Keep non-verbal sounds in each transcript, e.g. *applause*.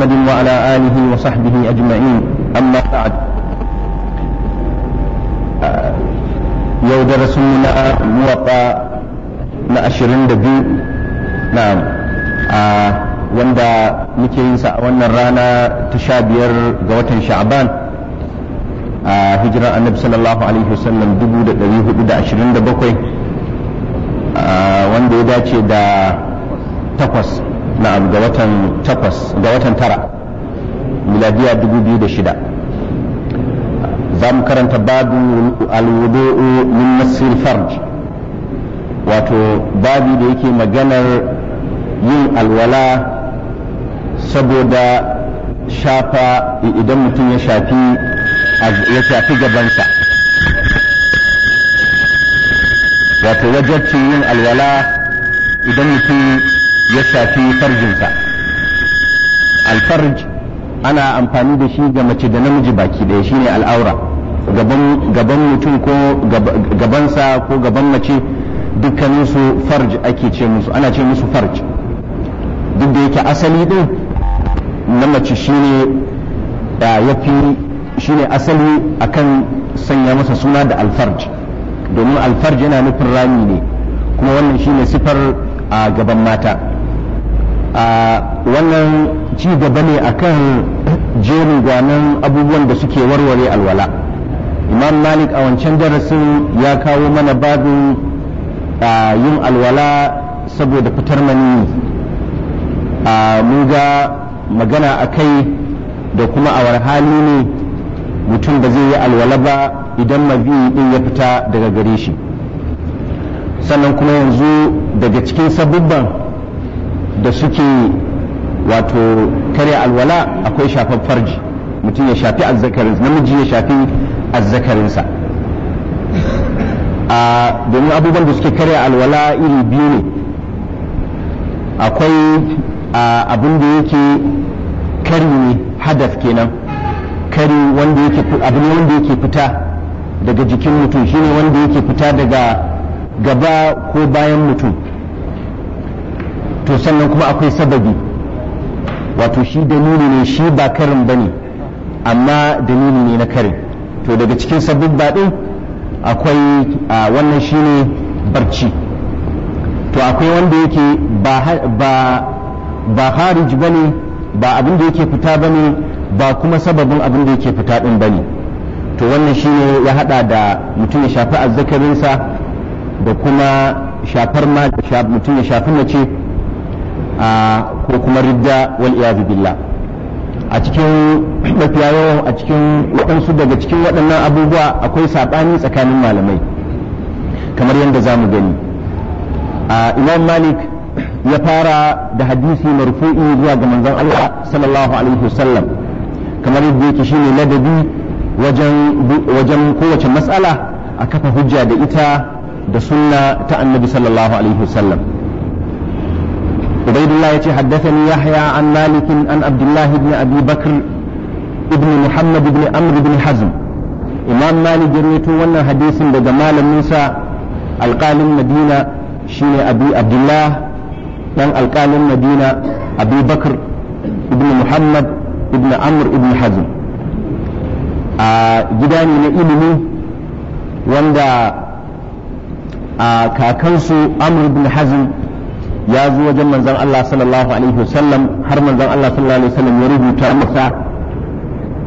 محمد وعلى آله وصحبه أجمعين أما بعد آه، يو درسنا لنا موقع آه، نأشرين دبي نعم آه، وندا نكين سا وانا رانا تشابير غوتن شعبان هجرة النبي صلى الله عليه وسلم دبو دبيه بدا أشرين دبوكي وندا يداتي دا تقوص دا na'am ga watan takwas ga watan tara miladiya shida za mu karanta babu alwudu'u min nasir farj wato babu da yake maganar yin alwala saboda shafa idan mutum ya shafi ya shafi gabansa wato wajen yin alwala idan mutum ya shafi farjinsa alfarj ana amfani da shi ga mace da namiji baki ɗaya shine al'aura gaban mutum ko gabansa ko gaban mace dukkaninsu farj ake ce musu ana ce musu farj duk da yake asali din na mace shine ya fi shine asali akan sanya masa suna da alfarj domin alfarj yana nufin rami ne kuma wannan shine sifar a gaban mata a wannan ci gaba ne a kan jerin gwanan abubuwan da suke warware alwala imam malik a wancan darasin ya kawo mana babin yin alwala saboda fitar mani a ga magana a kai da kuma awar hali ne mutum ba zai yi alwala ba idan mabi din ya fita daga gare shi sannan kuma yanzu daga cikin sabubban da suke wato karya alwala akwai shafar farji mutum ya shafi azzakarinsa namiji ya shafi azzakarinsa a domin abubuwan da suke karya alwala iri biyu ne akwai abin da yake kari ne hadaf kenan kari wanda yake abin wanda yake fita daga jikin mutum shine wanda yake fita daga gaba ko bayan mutum to sannan kuma akwai sababi wato shi dalili ne shi ba karin bane amma dalili ne na karin to daga cikin sabbin ɗin akwai wannan shi ne barci to akwai wanda yake ba harij ba ne ba abin da yake fita ba ne ba kuma sababin abin da yake fita ɗin ba ne to wannan shi ne ya haɗa da mutum ya shafi azzakarinsa da kuma shafar mutum ya shafi mace ko kuma ridda wal iyadu billah a cikin mafiya yawan a cikin waɗansu daga cikin waɗannan abubuwa akwai saɓani tsakanin malamai kamar yadda za mu gani imam malik ya fara da hadisi marfu'i zuwa ga manzon allah sallallahu alaihi wasallam kamar yadda yake shine ladabi wajen kowace matsala a kafa hujja da ita da sunna ta annabi sallallahu alaihi wasallam ubaidullah yace haddathani yahya an malik an abdullah ibn abi bakr ibn muhammad ibn amr ibn hazm imam malik ya rawaito wannan hadisin daga malamin sa alqalin madina shine abi abdullah dan alqalin madina abi bakr ibn muhammad ibn amr ibn hazm a gida ne na ilimi wanda a kakansu amr bin hazm ya zo wajen manzon Allah sallallahu alaihi wasallam har manzon Allah sallallahu alaihi wasallam ya rubuta masa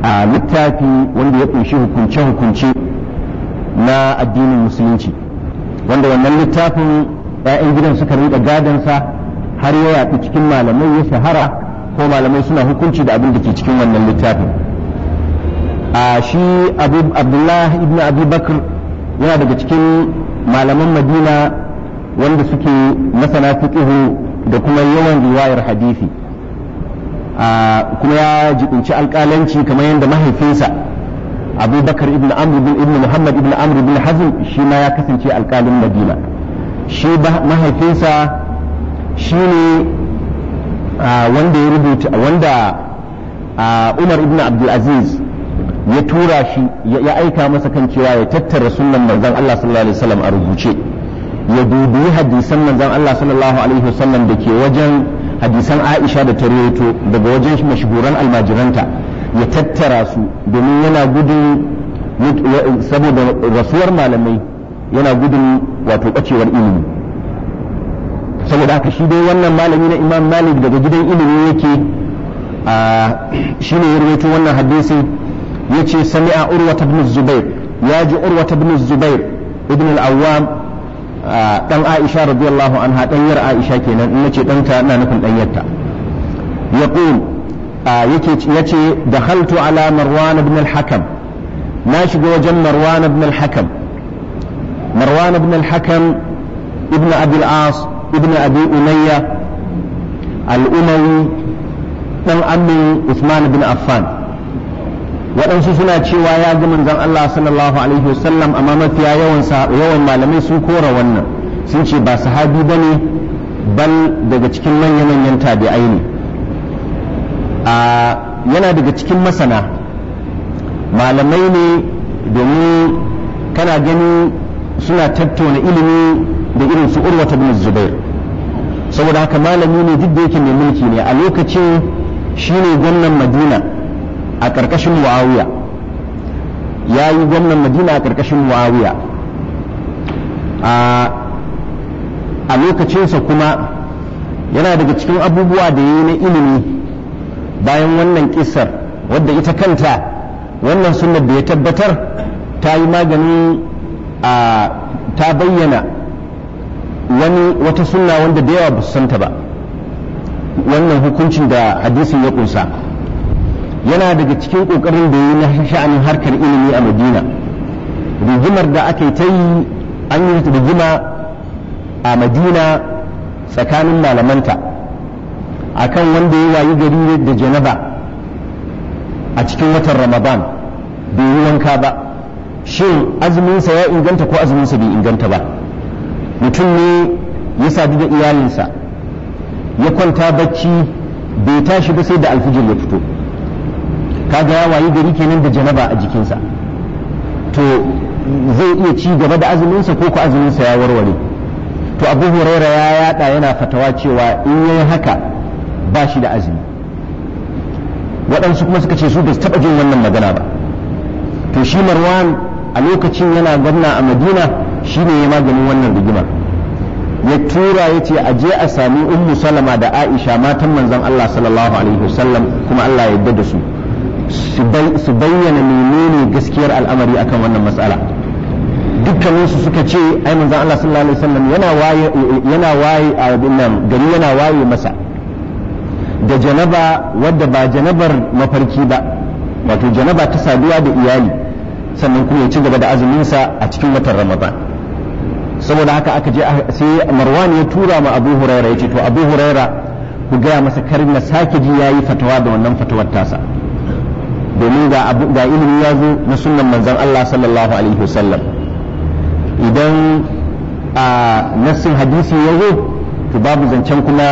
a littafi wanda ya kunshi hukunce-hukunce na addinin musulunci wanda wannan littafin 'ya'yan gidan suka rinka gadansa har ya yaki cikin malamai ya shahara ko malamai suna hukunci da abin da ke cikin wannan littafin a shi abdullahi ibn abubakar yana daga cikin malaman madina wanda suke masana fiqhu da kuma yawan riwayar hadisi kuma ya jibinci alƙalanci kamar yadda mahaifinsa abubakar ibn amr bin ibn muhammad ibn amr bin hazm shi ma ya kasance alkalin madina shi mahaifinsa shi ne wanda ya rubuta wanda umar ibn abdulaziz ya tura shi ya aika masa kan cewa ya tattara sunan manzon Allah sallallahu alaihi wasallam a rubuce ya dubi hadisan manzon Allah sallallahu alaihi wasallam da ke wajen hadisan Aisha da ta daga wajen mashhuran almajiranta ya tattara su domin yana gudun saboda rasuwar malamai yana gudun wato bacewar ilimi saboda haka shi dai wannan malami na Imam Malik daga gidan ilimi yake shi ne ya rawaito wannan hadisin yace sami'a urwa ibn zubair ya ji urwa ibn zubair ibn al-awwam aisha radiyallahu anha danyar aisha kenan in nace danta ina nufin danyarta yaqul yake yace dakhaltu ala marwan ibn al na shiga wajen marwan ibn al-hakam marwan ibn al-hakam ibn abi al-as ibn abi umayya al-umawi usman affan waɗansu suna cewa ya ga manzon Allah sallallahu alaihi wasallam amma mafiya yawan yawan malamai sun kora wannan sun ce ba sahabi bane bal daga cikin manyan manyan tabi'ai ne a yana daga cikin masana malamai ne domin kana gani suna tattauna ilimi da irin su urwata bin zubair saboda haka malami ne duk da yake mai mulki ne a lokacin shine gwamnan madina a ƙarƙashin muawiya ya yi gwamnan madina a ƙarƙashin muawiya a lokacinsa kuma yana daga cikin abubuwa da ya yi na ilimi bayan wannan ƙisar wadda ita kanta wannan suna da ya tabbatar ta yi a ta bayyana wani wata sunna wanda da yawa ba su santa ba wannan hukuncin da hadisin ya ƙunsa. yana daga cikin ƙoƙarin da yi na sha'anin harkar ilimi a madina rigimar da aka yi ta yi an yi rigima a madina tsakanin malamanta a kan wanda ya wayi gari da janaba a cikin watan ramadan bai yi wanka ba shin azuminsa ya inganta ko azuminsa bai inganta ba mutum ne ya sadu da iyalinsa ya kwanta bacci bai tashi ba sai da alfijir ya fito kaga ya wayi gari kenan da janaba a jikinsa to zai iya ci gaba da azuminsa ko ko azuminsa ya warware to abu huraira ya yada yana fatawa cewa in yayi haka ba shi da azumi waɗansu kuma suka ce su ba taɓa jin wannan magana ba to shi marwan a lokacin yana gwamna a madina shi ne ya maganin wannan rigimar ya tura ya ce aje a sami ummu salama da aisha matan manzon allah sallallahu alaihi wasallam kuma allah ya yarda da su su bayyana menene gaskiyar al'amari akan wannan matsala dukkaninsu suka ce ai manzon Allah sallallahu alaihi wasallam yana waye yana waye a nan gari yana waye masa da janaba wadda ba janabar mafarki ba wato janaba ta saduwa da iyali sannan kuma ya ci gaba da azuminsa a cikin watan ramadan saboda haka aka je sai marwan ya tura ma abu hurairah ya ce to abu huraira ku gaya masa karin na sake ji yayi fatawa da wannan fatawar tasa domin ga ilimi ya zo na sunan manzan Allah sallallahu alaihi wasallam idan a nassin hadisi ya zo to babu zancen kuma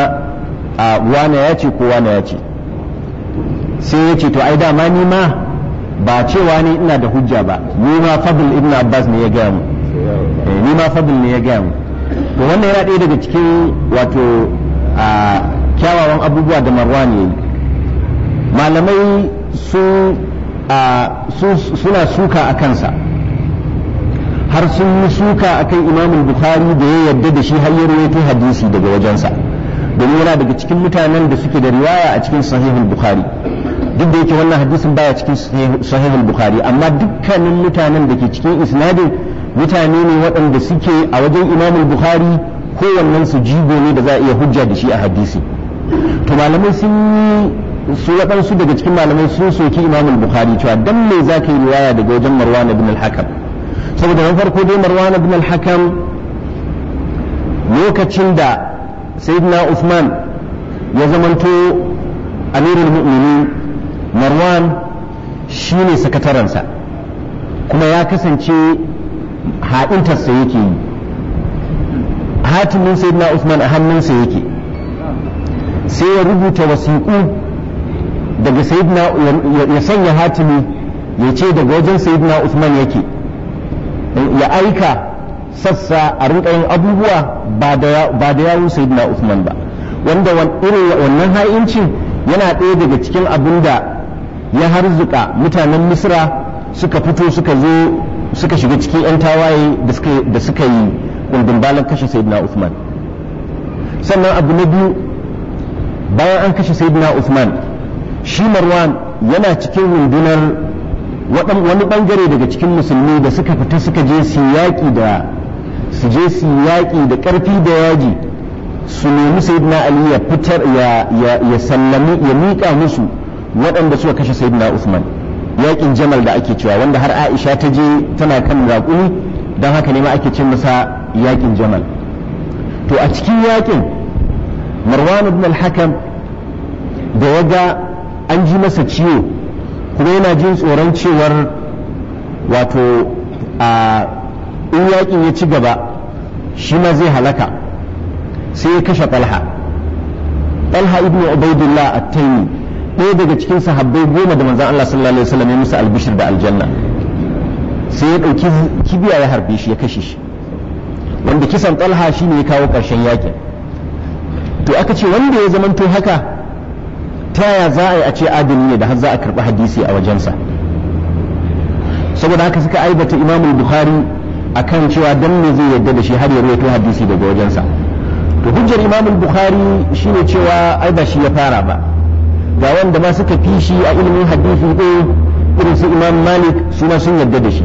a wane ya ce ko wane ya ce sai ya ce to ai dama ni ma ba cewa ne ina da hujja ba ni ma fadl ibn abbas ne ya gaya mu eh, ni ma fadl ne ya gaya mu to wannan yana ɗaya daga cikin wato a kyawawan abubuwa da marwan ya yi malamai suna suka a kansa har sun yi suka a kan imamul bukhari da ya yarda da shi har ya rawaito hadisi daga wajensa domin yana daga cikin mutanen da suke da riwaya a cikin sahihul bukhari duk da yake wannan hadisin baya cikin sahihul bukhari amma dukkanin mutanen da ke cikin isnadin mutane ne waɗanda suke a wajen imamun bukhari kowannen su jigo ne da za a iya hujja da shi a hadisi to malamai sun yi su waɗansu daga cikin malamai sun soki imam bukhari cewa dan me za ka yi riwaya daga wajen marwan ibn al saboda na farko dai marwan ibn al lokacin da sayyidina Usman ya zamanto amirul mu'minin marwan shine sakatarensa kuma ya kasance haɗintarsa yake yi hatimin sayyidina Usman a hannunsa yake sai ya rubuta wasiƙu daga sayyidina ya sanya hatimi ya ce daga wajen sayyidina Usman yake ya aika sassa a rinkayin abubuwa ba da yawun sayyidina Usman ba wanda irin wannan ha'incin yana ɗaya daga cikin abin da ya harzuka mutanen Misra suka fito suka zo suka shiga cikin 'yan tawaye da suka yi kundin balan kashe sayyidina Usman sannan abu na biyu bayan an kashe sayyidina Usman shi marwan yana cikin rundunar wani bangare daga cikin musulmi da suka fita suka je su yaƙi da su je su yaƙi da ƙarfi da yaji su nemi sayyidina ali ya fitar ya sallami ya miƙa musu waɗanda suka kashe sayyidina usman yaƙin jamal da ake cewa wanda har aisha ta je tana kan raƙumi don haka ne ma ake ce masa yaƙin jamal to a cikin yaƙin marwan ibn al-hakam da ya ga an ji masa ciwo kuma yana jin tsoron cewar wato a in yakin ya ci gaba shi ma zai halaka sai ya kashe talha talha ibn ubaidullah at-taymi ɗaya daga cikin sahabbai goma da manzan Allah sallallahu alaihi wasallam ya musu albishir da aljanna sai ya ɗauki kibiya ya harbe shi ya kashe shi wanda kisan shi ne ya kawo ƙarshen yakin to aka ce wanda ya zamanto haka ta yaya za a yi a ce adali ne da har za a karɓi hadisi a wajensa saboda haka suka aibata imamul bukhari kan cewa dan ne zai yadda da shi har ya rawaito hadisi daga wajensa to hujjar imamul bukhari shine cewa ai ba shi ya fara ba ga wanda ma suka fi shi a ilimin hadisi ko irin su imam malik su ma sun yadda da shi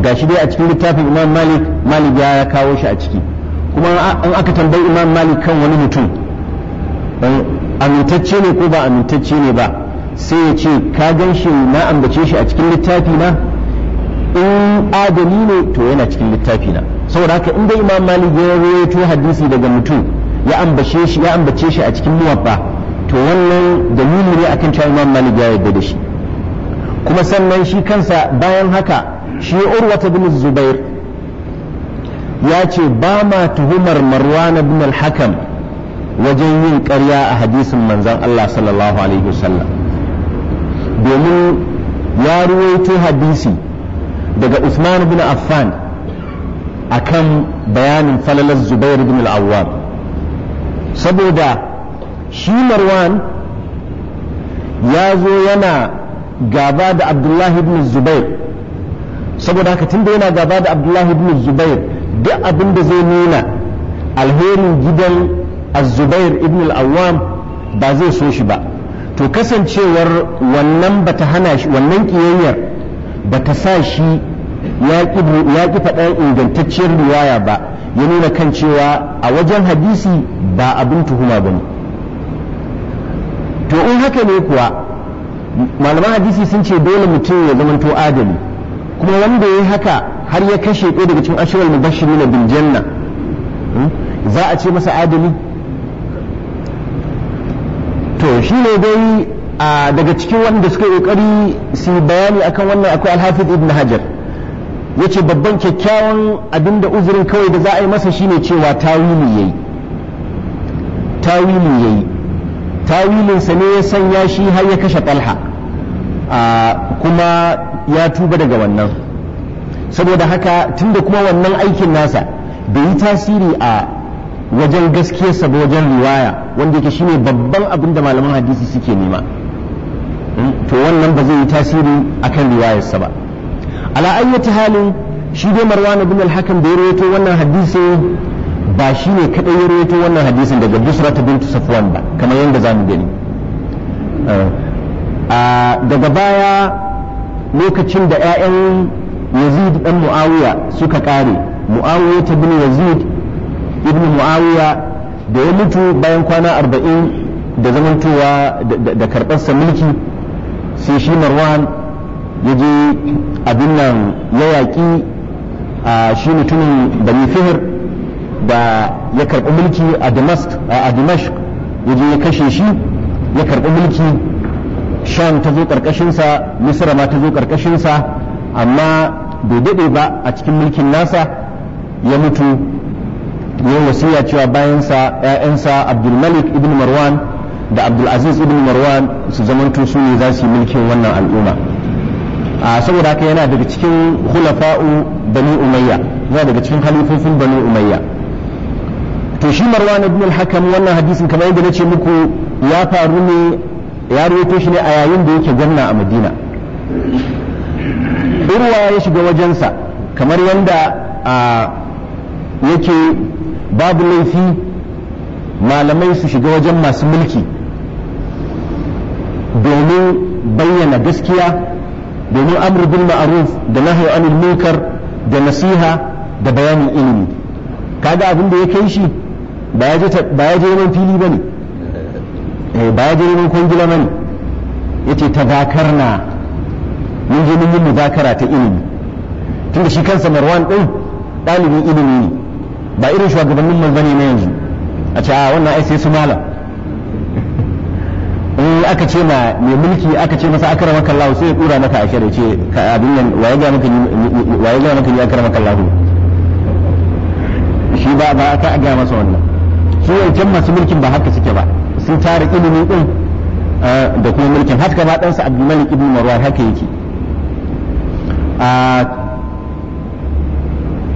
ga shi dai a cikin littafin imam malik malik ya kawo shi a ciki kuma an aka tambayi imam malik kan wani mutum amintacce ne ko ba amintacce ne ba sai ya ce ka gan shi na ambace shi a cikin littafi na in adami ne to yana cikin littafi na saboda haka in dai imam malik ya rawaito hadisi daga mutum ya ambace shi ya ambace shi a cikin muwaffa to wannan dalili ne akan cewa imam malik ya yarda da shi kuma sannan shi kansa bayan haka shi urwata bin zubair ya ce ba ma tuhumar marwan bin al-hakam wajen yin ƙarya a hadisin manzan Allah sallallahu alaihi wasallam domin ya ruwaito hadisi daga Usman bin Affan akan bayanin falalar Zubair bin al saboda shi Marwan ya zo yana gaba da Abdullahi bin Zubair saboda haka tunda yana gaba da Abdullahi bin Zubair duk abin da zai nuna alherin gidan a zubair ibn al-awwam ba zai so shi ba to kasancewar wannan bata hana shi wannan kiyayyar bata sa shi ya ki faɗa ingantacciyar riwaya ba ya nuna kan cewa a wajen hadisi ba abin tuhuma ba ne to in haka ne kuwa malaman hadisi sun ce dole mutum ya zamanto adali kuma wanda ya haka har ya kashe ko daga cikin ashirar mubashirin bil janna hmm, za a ce masa adali to shi ne dai daga cikin wanda suka kokari su bayani akan wannan akwai alhafiz ibn hajar yace babban kyakkyawan abinda uzurin kawai da za a yi masa shine cewa tawili yayi tawili yayi tawilinsa ne ya sanya shi har ya kashe talha kuma ya tuba daga wannan saboda haka tunda kuma wannan aikin nasa bai yi tasiri a wajen gaskiyarsa ba wajen riwaya wanda yake shine babban abin da malaman hadisi suke nema hmm? to wannan ba zai yi tasiri akan riwayarsa ba ala ayyati halin shi dai marwan ibn al-hakam da ya rawaito wannan hadisi ba shi ne kadai ya rawaito wannan hadisin daga ta bint safwan ba kamar yadda zamu gani uh, a daga baya lokacin da 'ya'yan yazid dan muawiya suka kare muawiya ta yazid ibn muawiya da ya mutu bayan kwana arba'in da zamantowa da karɓarsa mulki sai shi marwan ya je abin nan ya yaƙi a shi mutumin bani fihir da ya karɓi mulki a dimashq ya je ya kashe shi ya karɓi mulki sham ta zo ƙarƙashinsa misra ma ta zo ƙarƙashinsa amma bai daɗe ba a cikin mulkin nasa ya mutu yin wasiya cewa bayansa ‘ya'yansa abdulmalik ibn marwan da abdulaziz ibn marwan su zamanto su ne za su yi mulkin wannan al'umma a saboda haka yana daga cikin hulafa'u bani umayya yana daga cikin halifofin bani umayya to shi marwan ibn al-hakam wannan hadisin kamar yadda nace muku ya faru ne ya rawaito shi ne a yayin da yake gwamna a madina urwa ya shiga wajensa kamar yadda yake babu laifi malamai su shiga wajen masu mulki domin bayyana gaskiya domin amurbin ma'aruf da nahiyar anil munkar da nasiha da bayanin ilimi kaga abin da ya kai shi ba ya je neman fili ba ne eh, ba ya je neman kwangila ba ne ya ce tazakar na mun je mun yi muzakara ta ilimi tunda shi kansa marwan ɗin ɗalibin ilimi ne ba irin shugabannin mu bane na yanzu a ce a wannan ai sai su malam in aka ce ma mai mulki aka ce masa akara maka Allah sai ya kura maka a shirya ce ka abin nan waye ga maka waye ga maka ni akara maka shi ba ba ka ga masa wannan su yancan masu mulkin ba haka suke ba sun tara ilimin din eh, da kuma mulkin haka ma dan sa Abdul Malik ibn Marwan haka yake a ah,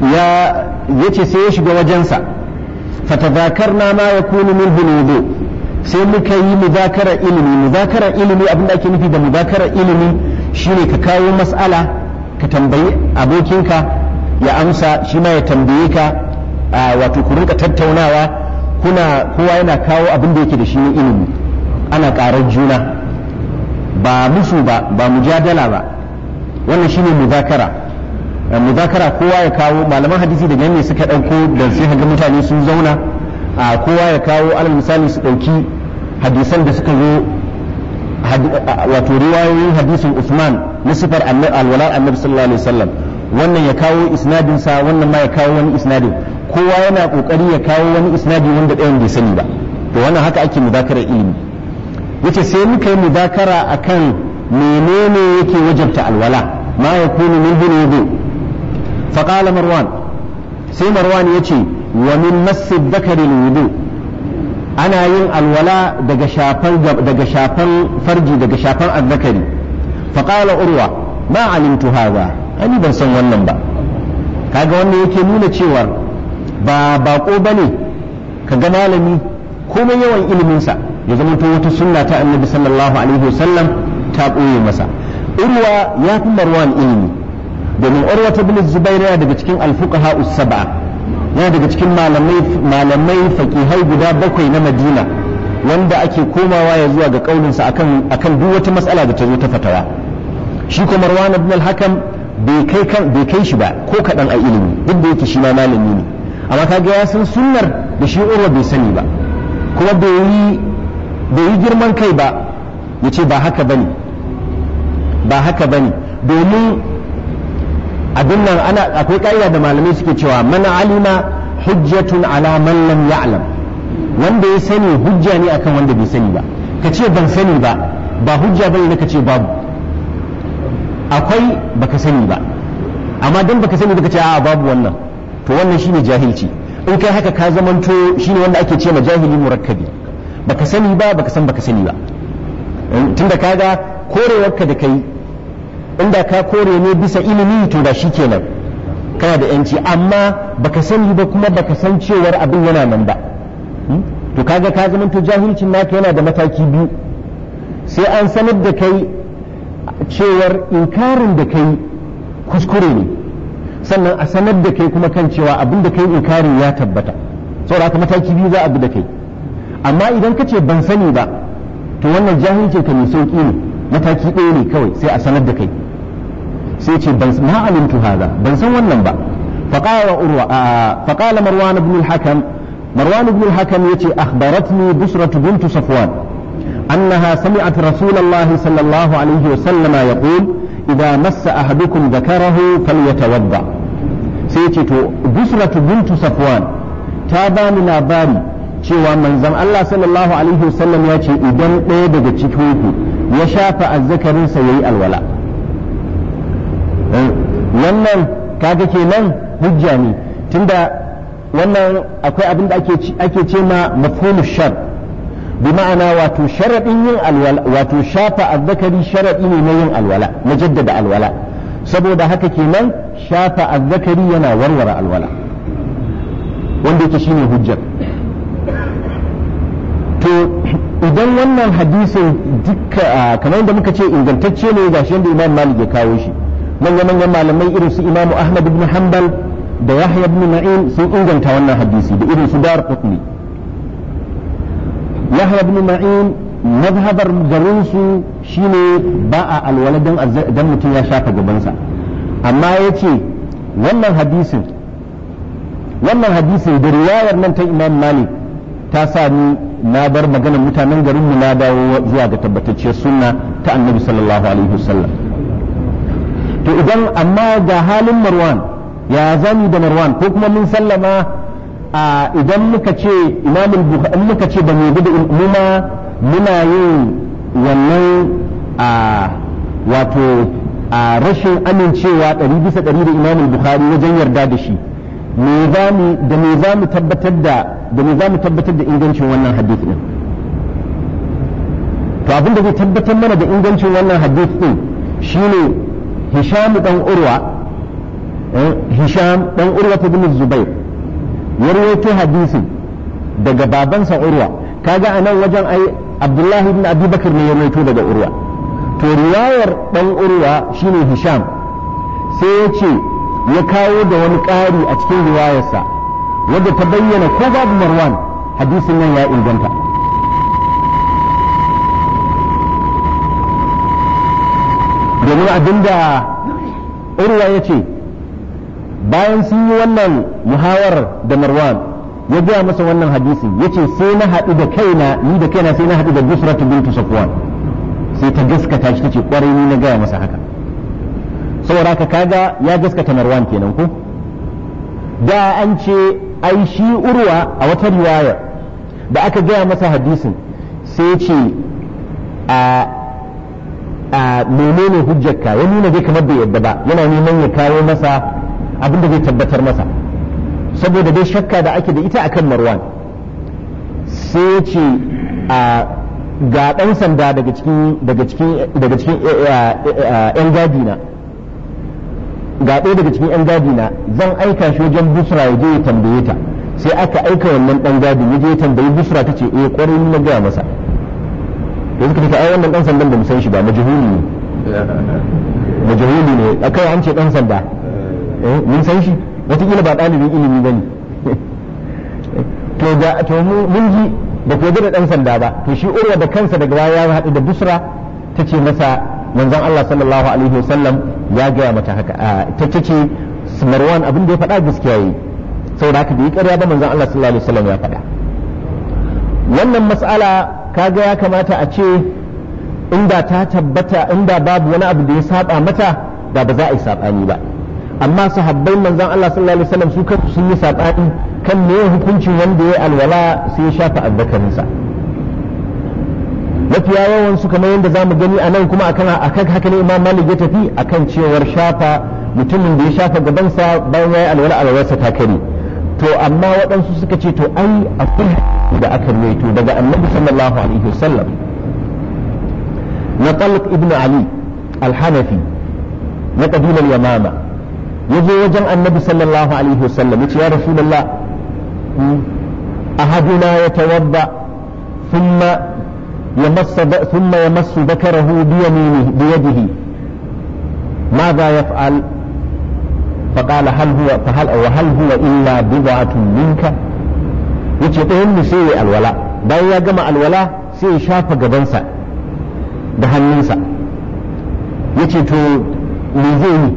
ya yace sai ya shiga wajensa nama ma yakunu minhu alwudu sai muka yi muzakarar ilimi mudakara ilimi abin da ake nufi da mudakara ilimi shine ka kawo mas'ala ka tambayi abokinka ya amsa shi ma ya tambaye ka wato ku rinka tattaunawa kuna kowa yana kawo abin da yake da shi ne ilimi ana karar juna ba musu ba ba mujadala ba wannan shine muzakara muzakara kowa ya kawo malaman hadisi da ne suka ɗauko da sai ga mutane sun zauna a kowa ya kawo alal misali su ɗauki hadisan da suka zo wato riwayoyin hadisin Usman na sifar alwala annabi sallallahu alaihi wasallam wannan ya kawo isnadin sa wannan ma ya kawo wani isnadin kowa yana kokari ya kawo wani isnadi wanda ɗayan bai sani ba to wannan haka ake muzakarar ilimi yace sai muka yi muzakara akan menene yake wajabta alwala ma yakunu min dunubi فقال مروان sai marwan ya ce مس الذكر الوضوء dakaril ana yin alwala daga shafan daga farji daga shafan azzakari faƙala urwa ma alimtu hadha wannan ba kaga wanda yake nuna cewar ba bako bane ga malami komai yawan iliminsa ya zama to wata sunna ta annabi sallallahu alaihi wasallam ta ɓoye masa urwa ya fi marwan ilimi domin urwa ta Bilis Zubairu yana daga cikin alfuqaha saba yana daga cikin malamai malamai guda bakwai na madina wanda ake komawa ya zuwa ga ƙaunansa akan kan duk wata matsala da ta zo ta fatawa shi kuma marwan na al hakan bai kai shi ba ko kaɗan a ilimi duk da yake shi ma malami ne amma kaga ya san sunnar da shi urwa bai sani ba kuma bai yi girman kai ba yace ba haka ba haka bane domin abin nan ana akwai ƙa'ida da malamai suke cewa man alima hujjatun ala man lam ya'lam wanda ya sani hujja ne akan wanda bai sani ba ka ce ban sani ba ba hujja bane na ka ce babu akwai baka sani ba amma dan baka sani ka ce a'a babu wannan to wannan shine jahilci in kai haka ka zamanto shine wanda ake cewa jahili murakkabi baka sani ba baka san baka sani ba tunda kaga korewarka da kai inda ka kore ne bisa ilimi to da shi kenan kana da yanci amma baka sani ba kuma baka san cewar abin yana nan ba hmm? to kaga ka to jahilcin naka yana da mataki biyu sai an sanar da kai cewar inkarin da kai kuskure ne sannan a sanar da kai kuma kan cewa abin da kai inkarin ya tabbata saboda haka mataki biyu za a bi da kai amma idan ka ce ban sani ba to wannan jahilcin ka mai sauki ne mataki ɗaya ne kawai sai a sanar da kai sai ce ban ma alimtu hadha ban san wannan ba faqala urwa faqala marwan ibn al-hakam marwan ibn al-hakam yace akhbaratni busrat bint safwan annaha sami'at rasulullahi sallallahu alaihi wa sallama yaqul idza massa ahadukum dhakarahu falyatawadda sai yace to busrat bint safwan ta bani labari cewa manzon Allah sallallahu alaihi wa sallam yace idan ɗaya daga cikin ku ya shafa azzakarinsa yayi alwala Eh, wannan kaga kenan hujja ne tunda wannan akwai abin da ake ce ma mafhumu shar bi ma'ana wato sharadin yin alwala wato shafa azzakari sharadi ne na yin alwala na jaddada alwala saboda haka kenan shafa azzakari yana warware alwala wanda yake shine hujjar to idan wannan hadisin dukka kamar yadda muka ce ingantacce ne gashi yadda imam malik ya kawo shi manya-manyan malamai irin su imamu ahmad ibn hanbal da yahya ibn ma'in sun inganta wannan hadisi da irin su dar qutni yahya ibn ma'in mazhabar garinsu shine ba a alwala dan mutum ya shafa gabansa amma yace wannan hadisin wannan hadisin da riwayar nan ta imam malik ta sami na bar maganar mutanen garinmu na dawo zuwa ga tabbatacciyar sunna ta annabi sallallahu alaihi wasallam to idan amma ga halin marwan ya zani da marwan ko kuma mun sallama a idan muka ce imamul bukhari muka ce ba mu gudu muma muna yin wannan a wato a rashin amincewa ɗari bisa ɗari da imamul bukhari wajen yarda da shi me za mu da me za mu tabbatar da da me za mu tabbatar da ingancin wannan hadith din to abin da zai tabbatar mana da ingancin wannan hadith din shine hisham dan urwa eh, hisham dan urwa ibn zubair ya rawaito hadisin daga babansa urwa kaga anan wajen ai abdullahi ibn abi bakr ne ya rawaito daga urwa to riwayar dan urwa shine hisham sai yace ya kawo da wani ƙari a cikin riwayarsa wadda ta bayyana ko babu marwan hadisin nan ya inganta domin abinda urwa ya ce bayan sun yi wannan muhawar da marwan ya gaya masa wannan hadisi ya ce sai na haɗu da kaina ni da kaina sai na haɗu da busratu bintu safwan sai ta gaskata shi tace kwarai ni na gaya masa haka saboda ka kaga ya gaskata marwan kenan ko da an ce ai shi urwa a wata riwaya da aka gaya masa hadisin sai ce a a menene hujjarka ya nuna zai kamar bai yadda ba yana neman ya kawo masa abin da zai tabbatar masa saboda dai shakka da ake da ita akan marwan sai ce a ga ɗan sanda daga cikin daga cikin daga cikin yan eh, eh, eh, gadi na ga ɗaya daga cikin yan gadi na zan aika shi wajen busra ya je ya tambaye ta sai aka aika wannan ɗan gadi ya je ya tambayi busra ta ce eh kwarai na gaya masa da suka ce ai wannan dan sandan da mu san shi ba majhuli ne majhuli ne akai an ce dan sanda eh mun san shi wataƙila ba ɗalibin ilimi ba ne to da to mun ji da ko da dan sanda ba to shi urwa da kansa daga baya ya haɗu da busra ta ce masa manzon Allah sallallahu alaihi wasallam ya gaya mata haka ta ce marwan abin da ya faɗa gaskiya yi saboda haka bai yi ƙarya ba manzon Allah sallallahu alaihi wasallam ya faɗa wannan mas'ala kaga ya kamata a ce inda ta tabbata inda babu wani abu da ya saba mata da ba za a yi sabani ba amma sahabbai manzon Allah sallallahu alaihi wasallam su kansu sun yi sabani kan me hukuncin wanda ya alwala sai ya shafa azzakarinsa mafiya yawan su kamar yadda zamu gani a nan kuma akan akan haka ne Imam Malik ya tafi akan cewar shafa mutumin da ya shafa gabansa bayan ya yi alwala sa ta kare to amma waɗansu suka ce to ai akwai da aka rawaito daga annabi sallallahu alaihi wasallam na Talq ibn Ali al-Hanafi na kabilar Yamama yaje wajen annabi sallallahu alaihi wasallam yace ya rasulullah ahaduna yatawadda thumma يمس ثم يمس ذكره بيمينه بيده ماذا يفعل؟ فقال هل هو فهل وهل هو الا بضعه منك؟ yace ta hannu sai ya alwala bayan ya gama alwala sai ya shafa gabansa da hannunsa yace to me zai yi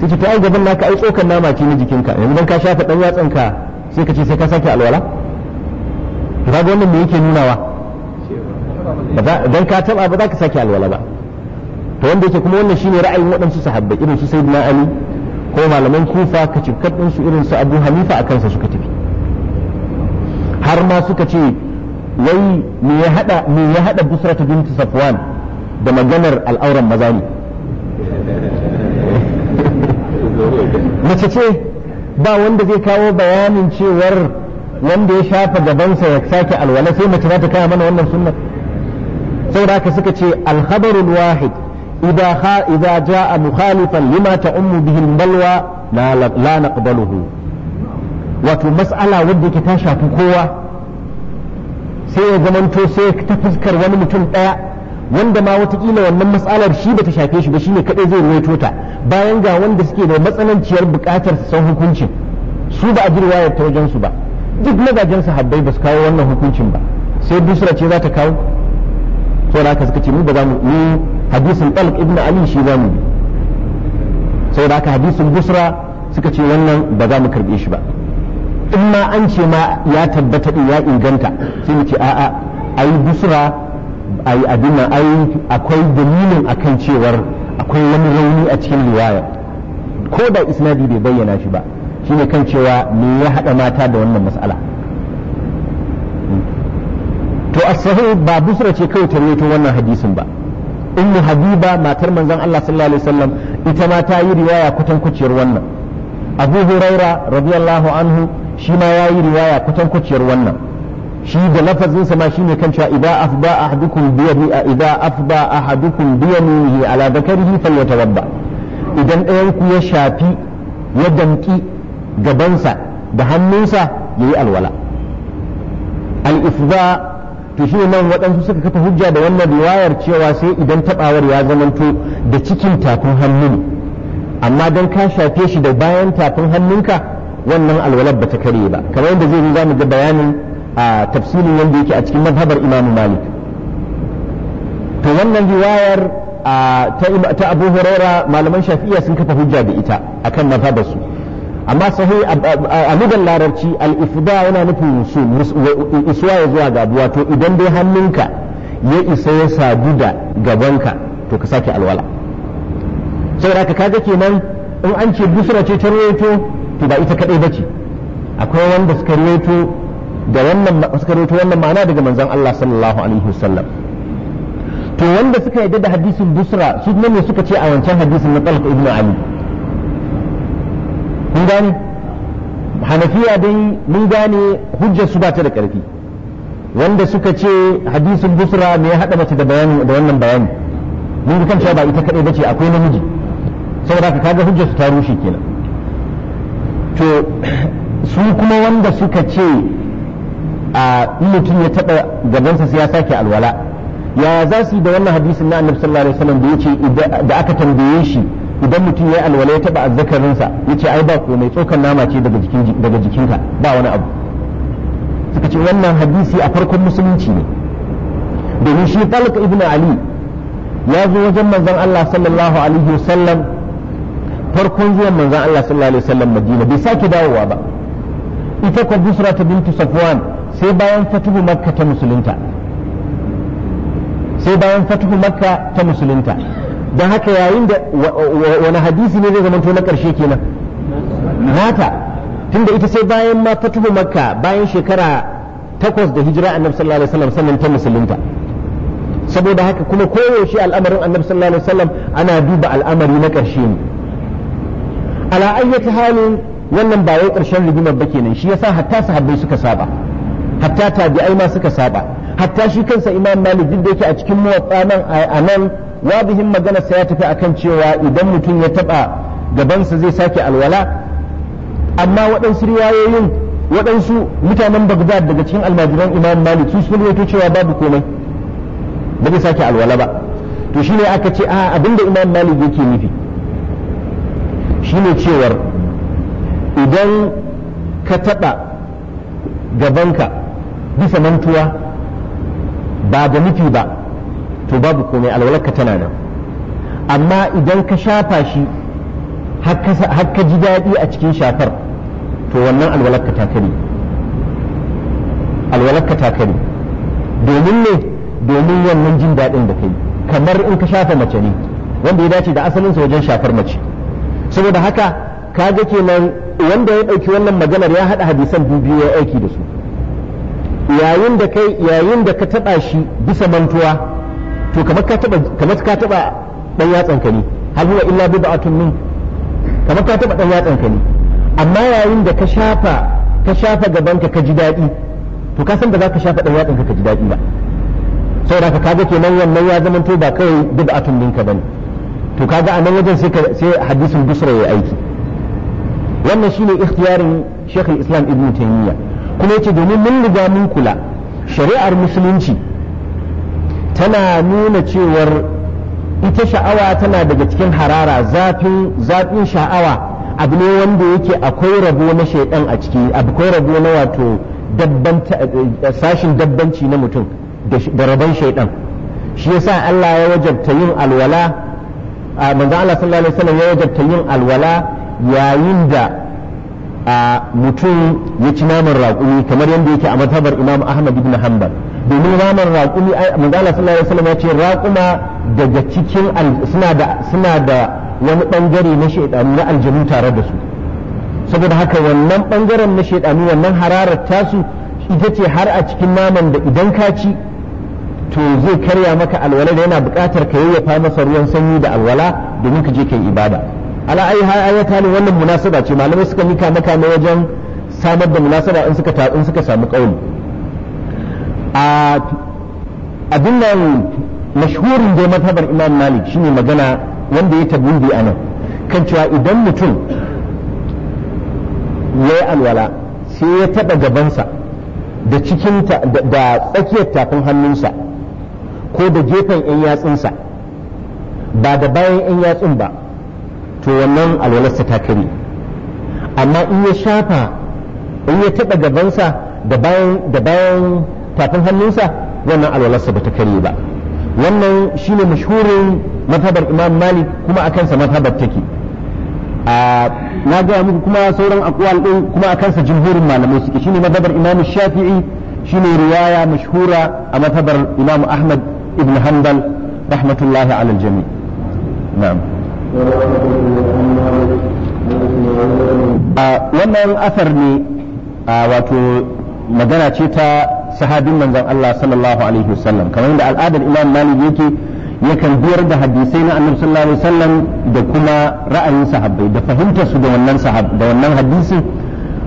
sai ce to ai gaban naka ai tsokan nama ce na jikinka yanzu dan ka shafa dan yatsan ka sai ka ce sai ka sake alwala ba ga wannan me yake nunawa dan ka taba ba za ka sake alwala ba to wanda yake kuma wannan shine ra'ayin waɗansu sahabbai irin su sayyidina ali ko malaman kufa ka cikar su irin su abu hanifa akan sa suka tafi har ma suka ce wai me ya hada me ya hada busratu safwan da maganar al'auran maza ne mace ce ba wanda zai kawo bayanin cewar wanda ya shafa gabansa ya sake alwala sai mace za ta kawo mana wannan sunna saboda haka suka ce al wahid idza idza jaa mukhalifan lima ta'ummu bihi al-balwa la la naqbaluhu wato mas'ala wadda ke ta shafi kowa sai ya zamanto sai ta fuskar wani mutum ɗaya wanda ma watakila wannan matsalar shi bata shafe shi ba shine kadai zai ruwaito ta bayan ga wanda suke da matsananciyar bukatar su san hukuncin su ba a ji riwayar ta wajen su ba duk mazajen sahabbai ba su kawo wannan hukuncin ba sai busra ce za ta kawo da haka suka ce mu ba za mu ni hadisin talq ibn ali shi za mu bi da haka hadisin busra suka ce wannan ba za mu karbe shi ba in ma an ce ma ya tabbata din ya inganta sai mu ce a'a ai busra ai abin nan ai akwai dalilin akan cewar akwai wani rauni a cikin riwaya ko da isnadi bai bayyana shi ba shine kan cewa me ya hada mata da wannan mas'ala to as-sahih ba busra ce kawai ta rawaito wannan hadisin ba in ummu habiba matar manzon Allah sallallahu alaihi wasallam ita ma ta yi riwaya kutan kuciyar wannan abu huraira radiyallahu anhu shi ma ya yi riwaya kwatankwaciyar wannan shi da lafazinsa ma shine kan cewa idza afba ahadukum bi yadihi afba ahadukum bi yaminihi ala dhakarihi falyatawadda idan ɗayan ku ya shafi ya damki gabansa da hannunsa yayi alwala al ifda to shi nan waɗansu suka kafa hujja da wannan riwayar cewa sai idan tabawar ya zamanto da cikin tafin hannu amma dan ka shafe shi da bayan tafin hannunka wannan alwalar ba ta kare ba kamar yadda zai yi za mu ga bayanin a tafsirin yadda yake a cikin mazhabar imamu malik to wannan riwayar ta abu huraira malaman shafiya sun kafa hujja da ita akan mazhabar su amma sahi a lugar larabci al-ifda yana nufin isuwa ya zuwa gabuwa to idan dai hannunka ya isa ya sadu da gabanka to ka sake alwala saboda ka kaga kenan in an ce busra ce ta ruwaito to ba ita kadai bace akwai wanda suka rawaito da wannan suka rawaito wannan ma'ana daga manzon Allah sallallahu alaihi wasallam to wanda suka yadda da hadisin busra su ne suka ce a wancan hadisin na talq ibn ali kun gane hanafiya dai mun gane hujjar su ba ta da karfi wanda suka ce hadisin busra ne ya hada mace da bayani da wannan bayani mun ga kan cewa ba ita kadai bace akwai namiji saboda ka kaga hujjar su ta rushe kenan to su kuma wanda suka ce a mutum ya taɓa gabansa sai ya sake alwala ya za su yi da wannan hadisin na annabi sallallahu alaihi da yace da aka tambaye shi idan mutum ya yi alwala ya taɓa azzakarinsa ce ai ba komai tsokan nama ce daga jikin daga jikinka ba wani abu suka ce wannan hadisi a farkon musulunci ne domin shi talaka ibn ali ya zo wajen manzon Allah sallallahu alaihi wasallam farkon zuwan manzan Allah sallallahu alaihi wasallam Madina bai sake dawowa ba ita ko Busra ta bintu Safwan sai bayan fatuhu Makka ta musulunta sai bayan fatuhu Makka ta musulunta don haka yayin da wani hadisi ne zai zama to na karshe kenan nata tunda ita sai bayan ma fatuhu Makka bayan shekara takwas da hijira annabi sallallahu alaihi wasallam sannan ta musulunta saboda haka kuma koyaushe al'amarin annabi sallallahu alaihi wasallam ana duba al'amari na ƙarshe ne ala ayyati halin wannan ba wai ƙarshen rigimar ba kenan shi yasa hatta sahabbai suka saba hatta tabi'ai ma suka saba hatta shi kansa imam malik duk da yake a cikin muwatta nan a nan wadihin magana sai ya tafi akan cewa idan mutum ya taba gabansa zai sake alwala amma waɗansu riwayoyin waɗansu mutanen bagdad daga cikin almajiran imam malik su sun rawaito cewa babu komai ba zai sake alwala ba to shine aka ce a abinda imam malik yake nufi shine cewar idan ka taɓa gabanka bisa mantuwa ba da nufi ba to babu komai alwalarka tana nan amma idan ka shafa shi har ka ji daɗi a cikin shafar to wannan alwalarka ta kare alwalarka ta kare domin ne domin wannan jin daɗin da kai kamar in ka shafa mace ne wanda ya dace da asalinsa wajen shafar mace saboda haka kaga kenan wanda ya ɗauki wannan maganar ya haɗa hadisan biyu ya aiki da su yayin da kai yayin da ka taɓa shi bisa mantuwa to kamar ka taɓa kamar ka taɓa dan yatsan ka ne hal huwa illa ba'atun min kamar ka taɓa ɗan yatsan ka ne amma yayin da ka shafa ka shafa gaban ka ka ji daɗi to ka san ba za ka shafa ɗan yatsan ka ka ji daɗi ba saboda ka kaga kenan wannan ya zama to ba kawai ka ba bane to kaga a nan wajen sai hadisin busra ya aiki wannan shine ikhtiyarin shekhu Islam Ibn taymiya kuma yace domin mun riga mun kula shari'ar musulunci tana nuna cewar ita sha'awa tana daga cikin harara zafin zafin sha'awa abu ne wanda yake akwai rabo na shaidan a ciki akwai rabo na wato sashin dabbanci na mutum da rabon shaidan shi yasa Allah ya wajabta yin alwala manzo Allah sallallahu alaihi wasallam ya wajabta yin alwala yayin da mutum ya ci naman raƙumi kamar yadda yake a matabar Imam Ahmad ibn Hanbal domin naman raƙumi manzo Allah sallallahu alaihi wasallam ya ce raƙuma daga cikin suna da suna da wani bangare na shaytan na aljanu tare da su saboda haka wannan bangaren na shaytan wannan hararar tasu ita ce har a cikin naman da idan ka ci to zai karya maka alwala da yana buƙatar ka yayyafa masa ruwan sanyi da alwala domin ka je kai ibada ala ai ayata ne wannan munasaba ce malamai suka mika maka ne wajen samar da munasaba in suka in suka samu kauli a abin nan mashhurin da matabar imam malik shine magana wanda ya tabbudi a nan kan cewa idan mutum ya alwala sai ya taɓa gabansa da cikin da tsakiyar tafin hannunsa ko da gefen 'yan yatsunsa ba da bayan 'yan yatsun ba to wannan alwalarsa ta kare amma in ya shafa in ya taɓa gabansa da bayan da bayan tafin hannunsa wannan alwalarsa ba ta kare ba wannan shine mashhurin matabar imam malik kuma a kansa matabar take na gaya muku kuma sauran akwal din kuma a kansa jumhurin malamai suke shine matabar imam shafi'i shine riwaya mashhura a matabar imam ahmad ابن حنبل رحمة الله على الجميع نعم wannan asar ne wato magana ce ta sahabin manzon Allah sallallahu alaihi wasallam kamar yadda al'adar Imam Malik yake yakan biyar da hadisai na Annabi sallallahu alaihi wasallam da kuma ra'ayin sahabbai da fahimtar su da wannan sahab da wannan hadisi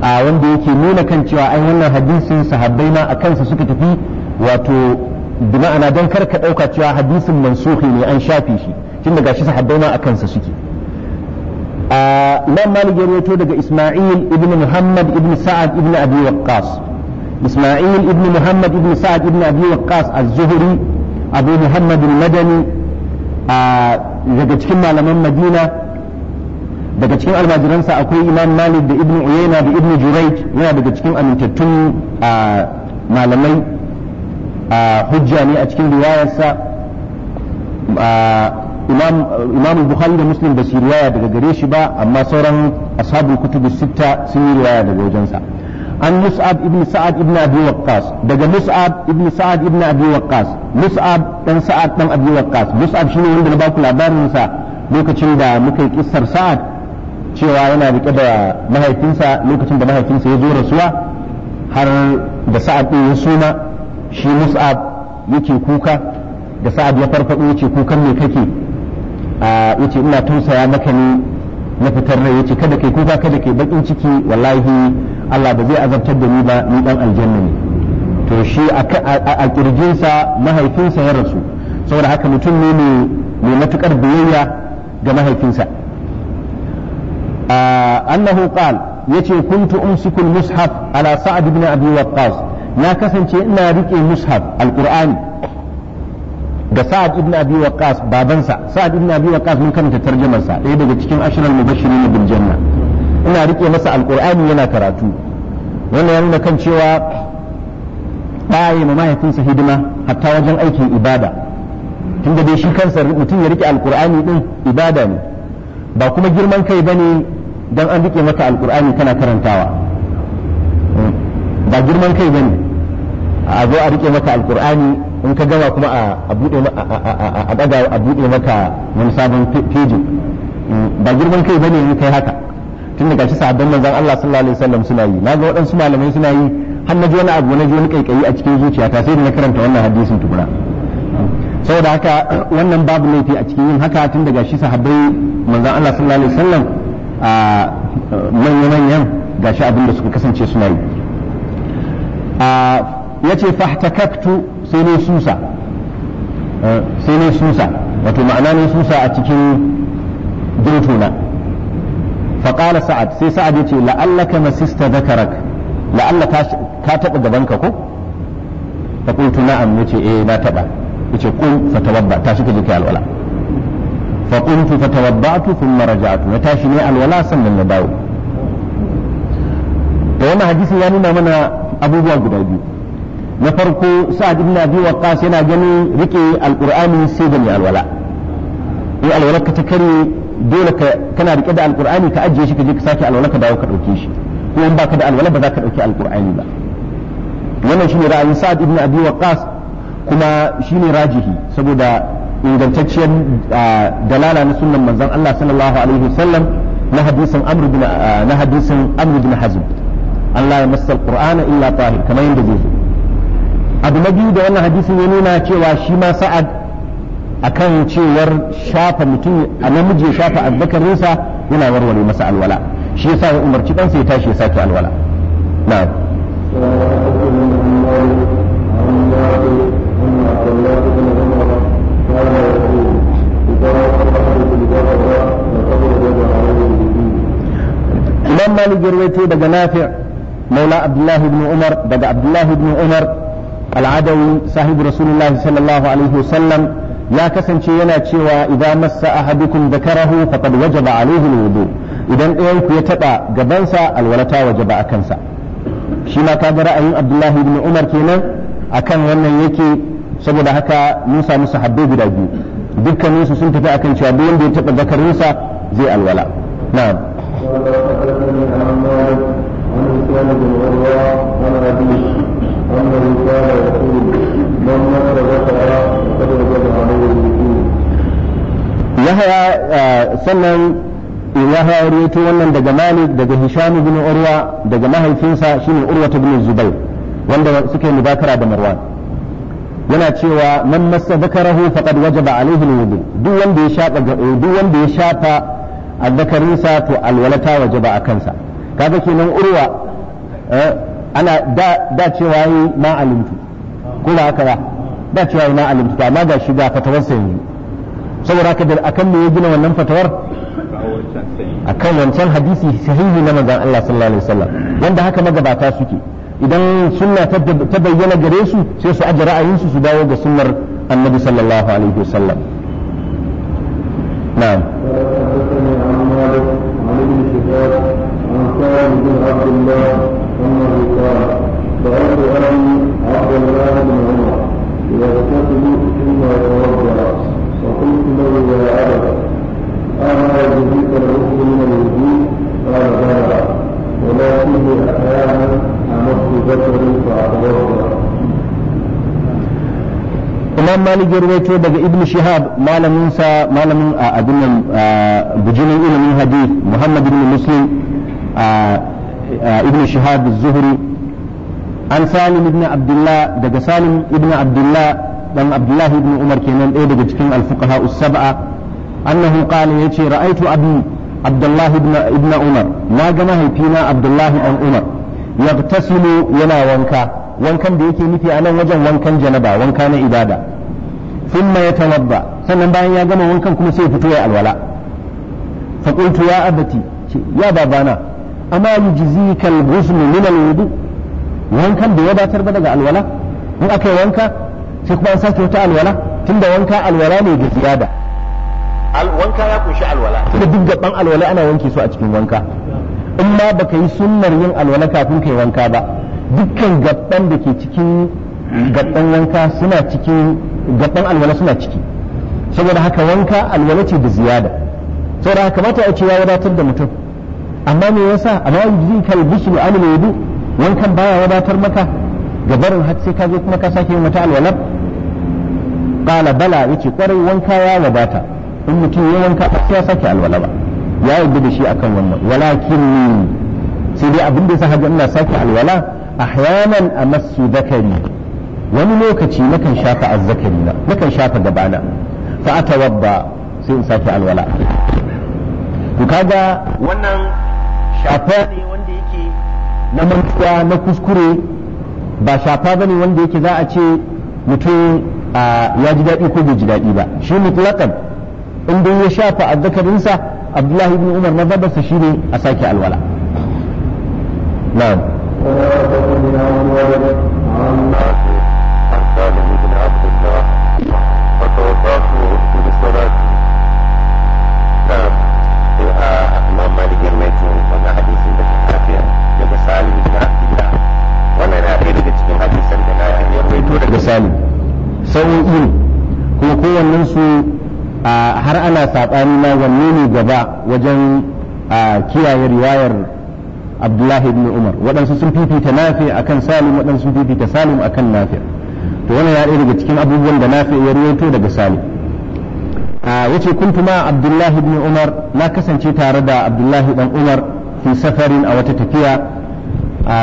wanda yake nuna kan cewa ai wannan hadisin sahabbai ma akan sa suka tafi wato bi ma'ana don kar ka ɗauka cewa hadisin mansuhi ne an shafe shi tun daga shi sahabbaina ma a kansa suke a nan malik ya daga isma'il ibn muhammad ibn sa'ad ibn abi waqqas isma'il ibn muhammad ibn sa'ad ibn abi waqqas az-zuhri abu muhammad al-madani daga cikin malaman madina daga cikin almajiransa akwai imam malik da ibn uyayna da ibn jurayj yana daga cikin amintattun malamai hujja ne a cikin riwayarsa imam bukhari da muslim ba su riwaya daga gare shi ba amma sauran ashabul kutubu sitta sun yi riwaya daga wajensa an mus'ab ibn sa'ad ibn abi waqqas daga mus'ab ibn sa'ad ibn abi waqqas mus'ab dan sa'ad dan abi waqqas mus'ab shine wanda na baku labarin sa lokacin da muka yi kissar sa'ad cewa yana rike da mahaifinsa lokacin da mahaifinsa ya zo rasuwa har da sa'ad din ya suma shi mus'ab yake kuka da sa'ad ya farfado yace kukan me kake yace ina tausaya maka ne na fitar rai yace kada kai kuka kada kai bakin ciki wallahi Allah ba zai azabtar da ni ba ni dan aljanna ne to shi a kirjinsa mahaifinsa ya rasu saboda haka mutum ne mai matukar biyayya ga mahaifinsa annahu qal yace kuntu umsiku al-mushaf ala sa'ad ibn abi waqqas na kasance ina rike mushaf alqur'ani da sa'ad ibn abi waqas babansa sa'ad ibn abi waqas mun karanta tarjumar sa ɗaya daga cikin ashiral mubashirin bil janna ina rike masa alqur'ani yana karatu wannan ya nuna kan cewa ɗaya ma mahaifinsa hidima hatta wajen aikin ibada tunda dai shi kansa mutum ya rike alqur'ani din ibada ne ba kuma girman kai bane dan an rike maka alqur'ani kana karantawa ba girman kai bane a zo a rike maka alkur'ani in ka gama kuma a bude a daga a bude maka wani sabon feji mm, ba girman kai bane in kai haka tun daga shi sabon zan Allah sallallahu alaihi wasallam suna yi naga waɗansu malamai suna yi har naji wani abu naji wani kaikayi a cikin zuciya ta sai na karanta wannan hadisin tukuna saboda haka wannan babu laifi a cikin yin haka tun daga shi sahabbai manzon Allah sallallahu alaihi wasallam a manya-manyan gashi abin da suka kasance suna yi yace fahtakaktu sai ne susa eh, sai ne susa wato ma'ana ne susa a cikin jirtuna faƙala sa'ad sai sa'ad ya ce la'allaka masista zakarak la'alla ka taɓa gabanka ko fa qultu na'am yace eh na taɓa yace qul fatawabba tashi ka je kai alwala fa qultu fatawabba'tu thumma raja'tu na tashi ne alwala sannan na dawo da wannan hadisi ya nuna mana abubuwa guda biyu na farko sa'ad ibn abi waqqas yana ganin rike alqur'ani sai da alwala in alwala ka ta kare dole ka kana rike da alqur'ani ka ajiye shi ka je ka sake alwala ka dawo ka dauke shi ko in baka da alwala ba za ka dauki alqur'ani ba wannan shine ra'ayin sa'ad ibn abi waqqas kuma shine rajihi saboda ingantacciyar dalala na sunnan manzon Allah sallallahu alaihi wasallam na hadisin amr bin na hadisin amr bin hazm Allah ya masal qur'ana illa tahir kamar yadda zai zo abu na biyu da wannan hadisin ya nuna cewa shi ma sa'ad a akan cewar shafa mutum a namiji ya shafa azzakarinsa yana warware masa alwala shi yasa ya umarci ɗansa ya tashi ya sake alwala na'am Imam Malik ya daga Nafi' Maula Abdullahi ibn Umar daga Abdullahi ibn Umar al'adawi sahibu rasulullahi sallallahu alaihi wasallam ya kasance yana cewa idan massa ahadukum zakarahu faqad wajaba alaihi alwudu idan ɗayan ku ya taɓa gabansa alwala alwalata wajaba a kansa shi ma ka ga ra'ayin abdullahi ibn umar kenan akan wannan yake saboda haka mun samu sahabbai guda biyu dukkaninsu sun tafi akan cewa duk wanda ya taba zakarinsa zai alwala na'am قال حدثني عن مالك عن سفيان بن عروه عن ابيه أنه كان يقول من مس ذكرها فقد وجب عليه الوجود يحيى سنن ya rawaito wannan daga Malik daga Hisham bin Urwa daga mahaifinsa shine Urwa ta ibn Zubair wanda suke mubakara da Marwan yana cewa man massa zakarahu faqad wajaba alaihi alwudu duk wanda ya shafa ga duk wanda ya shafa azzakarinsa to alwalata wajaba akansa kaga kenan Urwa ana da cewa yi ma alimtu ko da haka ba da cewa yi ma alimtu ta amma ga shi ga fatawar sa yanzu saboda haka da akan me ya gina wannan fatawar akan wancan hadisi sahihi na manzon Allah sallallahu alaihi wasallam wanda haka magabata suke idan sunna ta bayyana gare su sai su aje ra'ayin su su dawo ga sunnar annabi sallallahu alaihi wasallam na'am عن مالك عن ابن شهاب عن سالم بن عبد الله قال سألت عن عبد الله بن عمر ثم فقلت له يا عبد أما يجزيك من الوجود قال بلى أحيانا Imam Malik ya daga Ibn Shihab malamin sa malamin a abin nan bujimin ilimin hadith Muhammad ibn Muslim ibn shihab az-zuhri an salim ibn abdullah daga salim ibn abdullah dan abdullah ibn umar kenan daya daga cikin al-fuqaha us-sab'a annahu qala yace ra'aytu abi abdullah umar na ga mahaifina abdullah dan umar yaghtasilu yana wanka wankan da yake nufi a nan wajen wankan janaba wanka na ibada thumma yatanabba sannan bayan ya gama wankan kuma sai ya fito ya alwala fa ya abati ya babana amma yujzika al-ghusl min al-wudu wankan bai wadatar ba daga alwala in aka yi wanka sai kuma an sake wata alwala tunda wanka alwala ne da ziyada wanka ya kunshi alwala tunda duk gaban alwala ana wanke su a cikin wanka in ma baka yi sunnar yin alwala kafin kai wanka ba dukkan gaban da ke cikin gaban wanka suna cikin gaban alwala suna ciki saboda haka wanka alwala ce da ziyada saboda haka mata ya ce ya wadatar da mutum amma me yasa amma yujzi kal ghusl an wudu wankan baya wadatar maka gabarin har sai ka zo kuma ka sake mata wata alwala qala bala yace kwarai wanka ya wadata in mutum ya wanka sai sake alwala ba ya yi da shi akan wannan walakin sai dai abin da yasa haga ina sake alwala ahyanan amassu zakari wani lokaci nakan shafa azzakari na nakan shafa gabana fa atawabba sai in sake alwala to kaga wannan shafa ne wanda yake na mantuwa na kuskure ba shafa ne wanda yake za a ce mutum ya ji daɗi ko bai ji daɗi ba shi mutlakan in dai ya shafa azzakarinsa abdullahi ibn umar na mazhabarsa shine a sake alwala na'am misali kuma kowannen su har ana saɓani na wanne ne gaba wajen kiyaye riwayar abdullahi ibn umar waɗansu sun fifita nafi akan salim waɗansu sun fifita salim akan nafi to wani ya daga cikin abubuwan da nafi ya ruwaito daga salim yace kuntu ma abdullahi ibn umar na kasance tare da abdullahi dan umar fi safarin a wata tafiya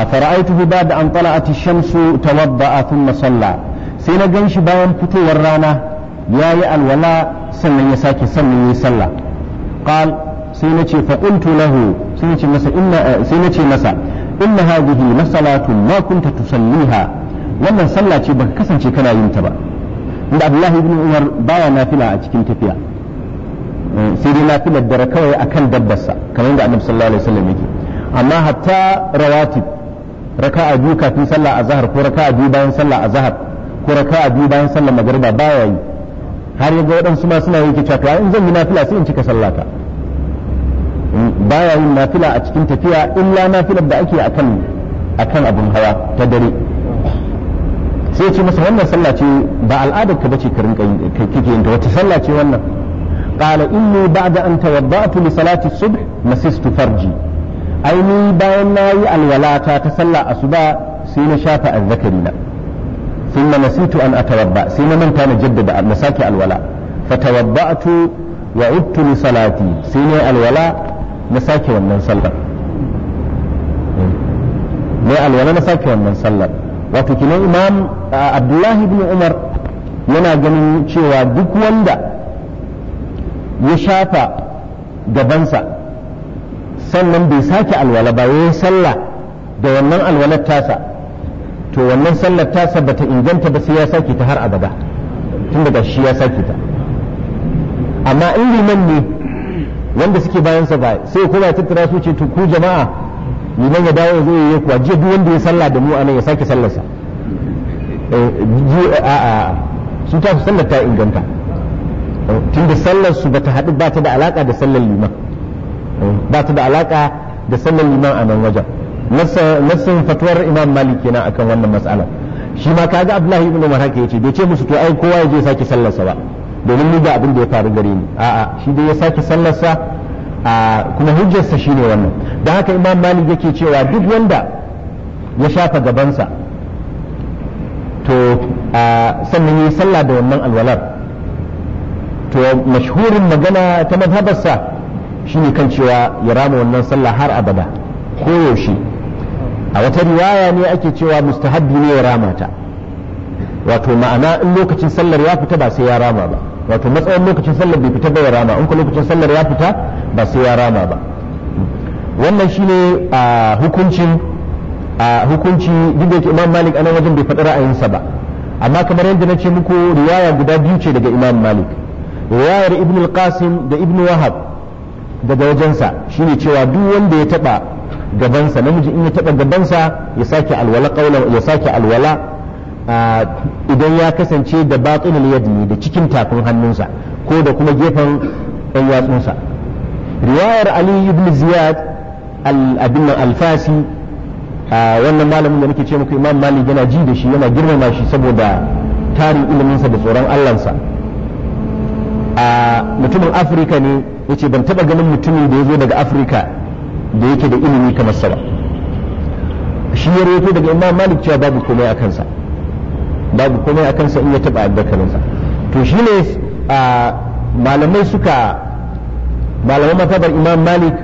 fara'aituhu da an tala'at ash-shamsu tawadda'a thumma masalla sai na gan shi bayan fitowar rana ya yi alwala sannan ya sake sannan ya yi sallah qal sai na ce faƙuntu lahu sai na ce masa inna eh, sai na ce masa inna hadhihi ma kunta tusalliha wannan sallah ce baka kasance kana yin ta ba inda Abdullahi ibn Umar baya nafila a cikin tafiya eh, sai dai nafilar dare kawai akan dabbarsa kamar yadda Annabi sallallahu alaihi wasallam yake amma hatta rawatib raka'a biyu kafin sallah azhar ko raka'a biyu bayan sallah azhar ko raka'a biyu bayan sallar magariba baya yi har yaga waɗansu ma suna yake cewa in zan yi nafila sai in cika sallata baya yin nafila a cikin tafiya illa nafilar da ake akan akan abun hawa ta dare sai ce masa wannan sallah ce ba al'adar ka bace karin kike yin ta wata sallah ce wannan qala inni ba'da an tawadda'tu li salati subh masistu farji ai ni bayan nayi alwalata ta sallah asuba sai na shafa na. sun na nasitu an atawadda sai na manta na jaddada na sake alwala fatawadda'tu wa uttu li salati sai ne alwala na sake wannan sallar ne alwala na sake wannan sallar wato kinan imam abdullahi bin umar yana ganin cewa duk wanda ya shafa gabansa sannan bai sake alwala ba ya yi sallah da wannan alwalar tasa to wannan sallar tasa ta inganta ba sai ya sake ta har abada tun daga shi ya sake ta amma in liman ne wanda suke bayan sa ba sai kuma ya tattara su ce to ku jama'a liman ya dawo zo yayi kuwa jiya duk wanda ya sallah da mu anan ya sake sallarsa eh, a su ta sallar ta inganta eh, tun da sallar su bata haɗu ba ta da alaka da sallar liman eh, ba ta da alaka da sallar liman a nan wajen nassin fatuwar imam malik kenan akan wannan matsalar shi ma kaga abdullahi ibn umar haka yace bai ce musu to ai kowa ya je sake sallarsa ba domin ni ga abin da ya faru gare ni a'a shi dai ya sake sallarsa kuma hujjarsa shine wannan dan haka imam malik yake cewa duk wanda ya shafa gabansa to sannan yi sallah da wannan alwalar to mashhurin magana ta mazhabarsa shine kan cewa ya rama wannan sallah har abada koyaushe a wata riwaya ne ake cewa mustahabbi ne ya rama ta wato ma'ana in lokacin sallar ya fita ba sai ya rama ba wato matsayin lokacin sallar bai fita ba ya rama in ku lokacin sallar ya fita ba sai ya rama ba wannan shine a hukuncin a hukunci duk da Imam Malik anan wajen bai faɗi sa ba amma kamar yadda na ce muku riwaya guda biyu ce daga Imam Malik riwayar Ibn al-Qasim da Ibn Wahab daga wajensa shine cewa duk wanda ya taba gabansa namiji in ya taba gabansa ya sake alwala ya sake alwala idan ya kasance da batinul yadi ne da cikin takun hannunsa ko da kuma gefen ɗan yatsunsa riwayar ali ibn ziyad al-abin al-fasi wannan malamin da nake ce muku imam malik yana ji da shi yana girmama shi saboda tarin iliminsa da tsoron allansa a mutumin afirka ne yace ban taba ganin mutumin da ya zo daga afirka da yake da ilimi kamar sa ba shi ya rawaito daga imam malik cewa babu komai a kansa babu komai a kansa in ya taba sa to shi ne malamai suka malaman matabar imam malik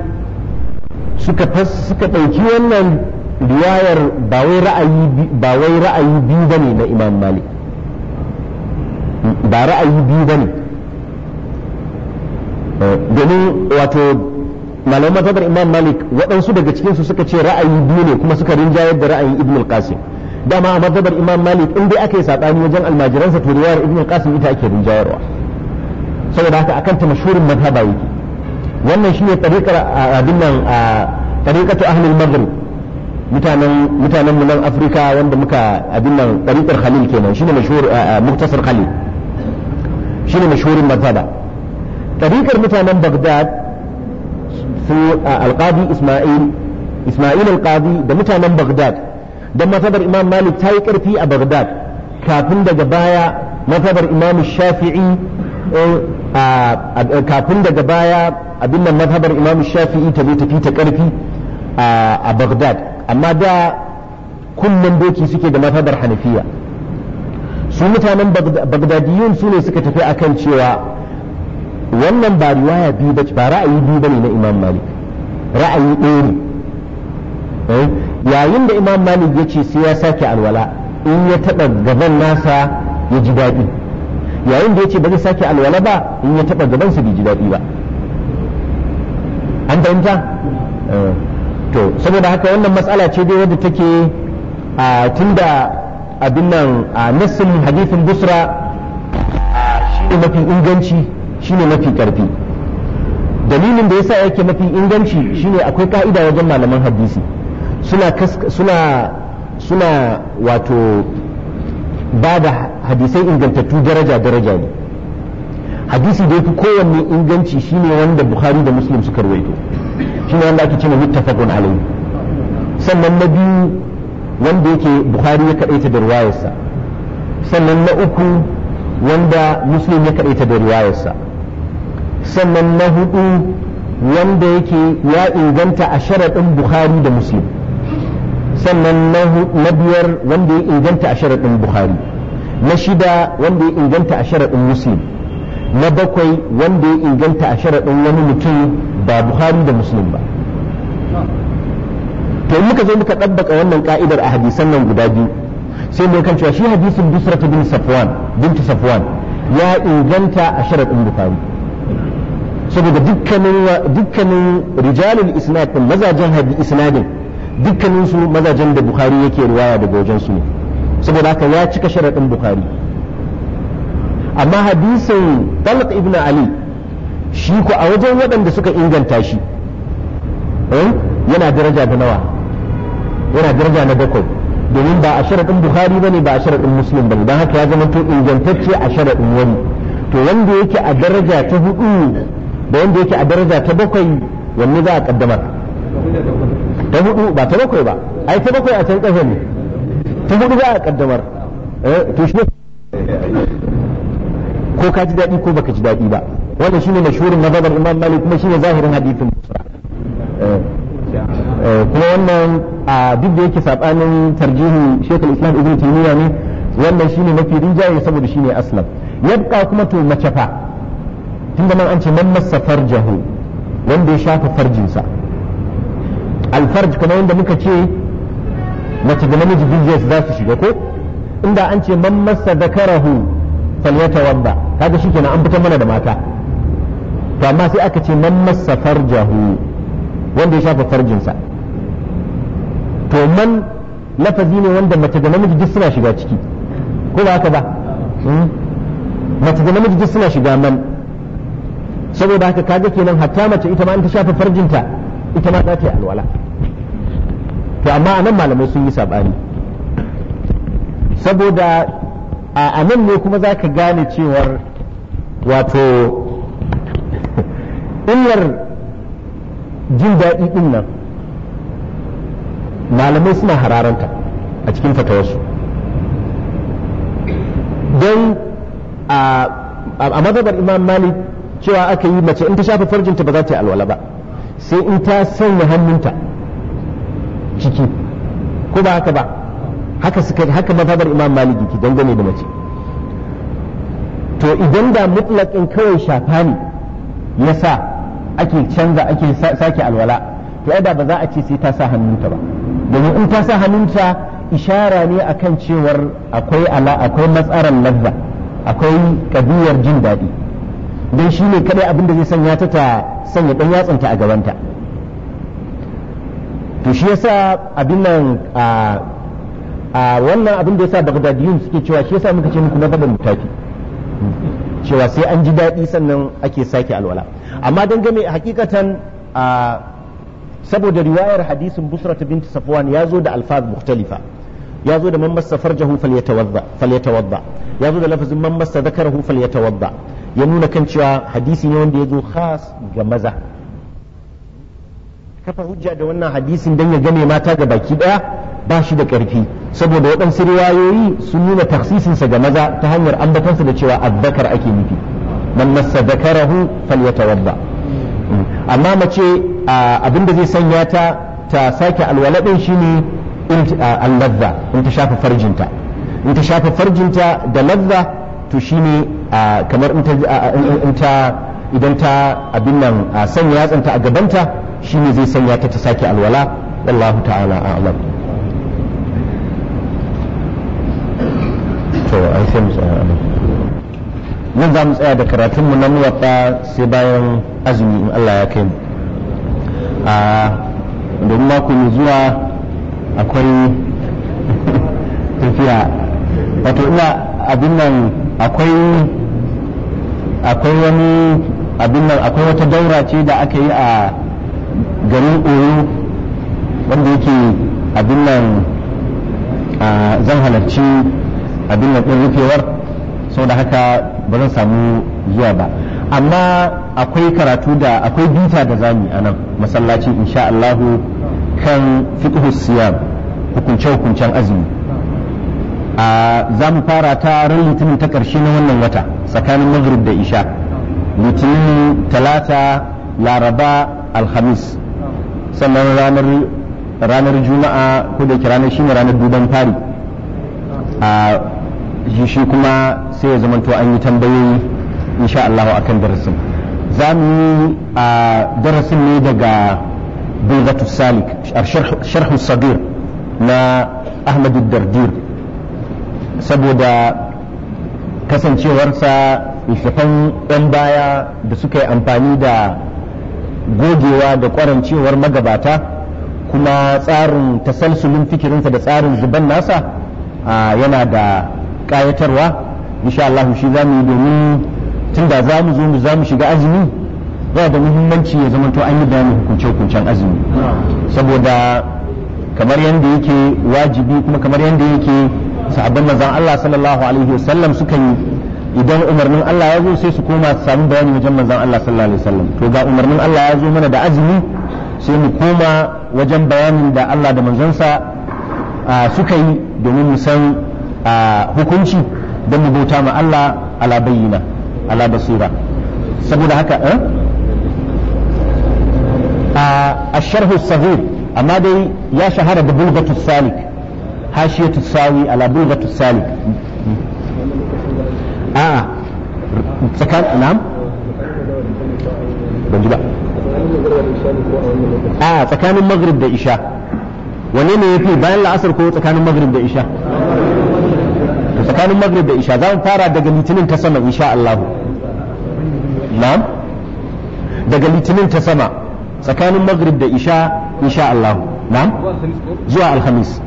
suka suka ɗauki wannan riwayar ba wai ra'ayi ba wai ra'ayi biyu bane na imam malik ba ra'ayi biyu bane eh, domin wato malaman matabar imam malik waɗansu daga cikinsu suka ce ra'ayi biyu ne kuma suka rinjayar da ra'ayin ibn al-qasim dama a matabar imam malik in dai aka yi saɓani wajen almajiransa to riwayar ibn al-qasim ita ake rinjayarwa saboda haka akan ta mashhurin madhaba yake wannan shine tariqar abin nan a ahli al-maghrib mutanen mutanen mu nan afirka wanda muka abin nan tariqar khalil kenan shine mashhur muktasar khalil shine mashhurin madhaba tariqar mutanen bagdad su alqadi isma'il isma'il alqadi da mutanen bagdad dan matabar imam malik ta yi karfi a baghdad kafin daga baya matabar imam shafi'i kafin daga baya abin nan imam shafi'i ta zo tafi ta karfi a bagdad amma da kullum doki suke da mazhabar hanafiya su mutanen bagdadiyun su ne suka tafi akan cewa wannan ba riwaya biyu bace ba ra'ayi biyu ne na imam malik ra'ayi ɗaya ne eh? yayin da imam malik ya ce sai ya sake alwala in ya taɓa gaban nasa ya ji daɗi yayin da ya ce ba zai sake alwala ba in ya taɓa gabansa bai ji daɗi ba an fahimta eh. to saboda haka wannan matsala ce dai wadda take a tunda abin nan a nassin hadithin busra shi mafi inganci shine mafi karfi dalilin da ya yasa yake mafi inganci shine akwai ka'ida wajen malaman hadisi suna wato ba da hadisai ingantattu daraja daraja ne hadisi da yafi kowanne inganci shine wanda bukhari da muslim suka rawaito shine wanda ake cewa muttafaqun alayhi sannan na biyu wanda yake bukhari ya kadaita da riwayarsa sannan na uku wanda muslim ya kadaita da riwayarsa sannan na hudu wanda yake ya inganta a sharaɗin bukhari da muslim sannan na biyar wanda ya inganta a sharaɗin bukhari na shida wanda ya inganta a sharaɗin muslim na bakwai wanda ya inganta a sharaɗin wani mutum ba bukhari da muslim ba to muka zo muka ɗabbaka wannan ka'idar a hadisan nan guda biyu sai mu kan cewa shi hadisin busrata bin safwan bintu safwan ya inganta a sharaɗin bukhari saboda dukkanin rijalul isnad mazajen hadith isnadin dukkanin su mazajen da bukhari yake riwaya daga wajen su ne saboda haka ya cika sharadin bukhari amma hadisin Talq ibn Ali shi ko a wajen waɗanda suka inganta shi eh, yana daraja da nawa yana daraja na bakwai domin ba a sharaɗin bukhari ba ne ba a sharaɗin muslim ba ne haka ya zama to ingantacce a sharaɗin wani to wanda yake a daraja ta hudu da wanda yake a daraja ta bakwai wanne za a kaddamar ta hudu ba ta bakwai ba ai ta bakwai a can kasa ne ta hudu za a kaddamar eh, to shi ko ka ji daɗi ko baka ji daɗi ba wanda shine mashhurin mazhabar Imam Malik kuma shi ne zahirin hadithin Musa eh, eh, kuma wannan a duk da yake sabanin tarjihu Sheikh Islam Ibn Taymiyyah ne wannan shi ne mafi rinjaye saboda shi ne aslam yabqa kuma to mace fa tun da nan an ce man massa farjahu wanda ya shafa farjinsa alfarj kamar yadda muka ce mace da namiji biyu za su shiga ko inda an ce man massa dakarahu falyata wanda kaga shikenan an fitar mana da mata to amma sai aka ce man massa farjahu wanda ya shafa farjinsa to man lafazi ne wanda mace da namiji duk suna shiga ciki ko ba haka ba hmm? mace da namiji duk suna shiga man saboda haka kaga kenan hatta mace ita ma in ta shafa farjinta ita ma za ta yi alwala to amma anan malamai sun yi sabani saboda a nan ne kuma za ka gane cewar wato *laughs* illar jin daɗi ɗin nan malamai suna hararanta a cikin fatawarsu don a madadar imam malik cewa aka yi mace in ta shafa farjinta ba za ta yi alwala ba sai in ta sanya hannunta ciki ko ba haka ba haka suka haka mafabar imam maliki ki dangane da mace to idan da mutlaqin kawai shafa ne yasa ake canza ake sake alwala to ai da ba za a ce sai ta sa hannunta ba domin in ta sa hannunta ishara ne akan cewar akwai ala akwai matsaran lazza akwai kabiyar jin daɗi don shi ne kadai abin da zai sanya ta ta sanya dan yatsanta a gabanta to shi yasa abin nan a wannan abin da yasa bagdadiyun suke cewa shi yasa muka ce muku na gaban mutaki cewa sai an ji daɗi sannan ake sake alwala amma don game hakikatan saboda riwayar hadisin busrat binti safwan ya zo da alfaz mukhtalifa ya zo da man massa farjahu falyatawadda ya zo da lafazin man massa zakarahu falyatawadda ya nuna kan cewa hadisi ne wanda ya zo khas ga maza kafa hujja da wannan hadisin dan ya gane mata ga baki daya ba shi da karfi saboda waɗansu riwayoyi sun nuna taksisinsa ga maza ta hanyar ambatansa da cewa azzakar ake nufi man massa zakarahu falyatawadda amma mace abinda zai sanya ta ta sake alwala din shine in ta shafa farjinta in ta shafa farjinta da lazza to shine kamar in ta idan ta abin nan sanya yatsanta a gabanta shine zai sanya ta ta sake alwala wallahu ta'ala a'lam to an sai mu tsaya nan za mu tsaya da karatunmu na muwatta sai bayan azumi in Allah ya kaimu. a domin mako mai zuwa akwai tafiya wato ina abin nan akwai akwai wani abin nan akwai wata daura ce da aka yi a garin oyo wanda yake abin nan zan halarci abin nan rufewar saboda haka ba zan samu zuwa ba amma akwai karatu da akwai bita da zami a nan masallaci insha Allahu kan fiƙihus siyam hukunce-hukuncen azumi a za mu fara ta ran litinin ta ƙarshe na wannan wata tsakanin maghrib da isha litinin talata laraba alhamis sannan ranar juma'a ko da ranar ne ranar duban fari a shi kuma sai ya zamanto an yi tambayoyi insha Allah akan darasin za mu yi a darasin ne daga بلغة السالك الشرح, الشرح الصغير نا أحمد الدردير saboda kasancewarsa littattafan 'yan baya da suka yi amfani da gogewa da kwarancewar magabata kuma tsarin tasalsulin fikirinsa da tsarin zuban nasa yana da ƙayatarwa insha Allah shi za mu yi domin tun da za mu zo mu za mu shiga azumi yana da muhimmanci ya zama to an yi bayanin hukunce-hukuncen azumi saboda kamar yadda yake wajibi kuma kamar yadda yake sahabban mazan Allah sallallahu alaihi wasallam suka yi idan umarnin Allah ya zo sai su koma su sami bayani wajen manzon Allah sallallahu alaihi wasallam to ga umarnin Allah ya zo mana da azumi sai mu koma wajen bayanin da Allah da manzansa suka yi domin mu san hukunci don mu bauta ma Allah ala bayyina ala basira saboda haka eh? a sharhu sahih amma dai ya shahara da bulgatu salik hashiyatu sawi ala bulgatu salik a'a tsakan na'am ban ji ba a tsakanin maghrib da isha wanne ne yafi bayan la'asar ko tsakanin maghrib da isha to tsakanin maghrib da isha za mu fara daga litinin ta daga litinin ta sama tsakanin maghrib da isha insha Allah na zuwa alhamis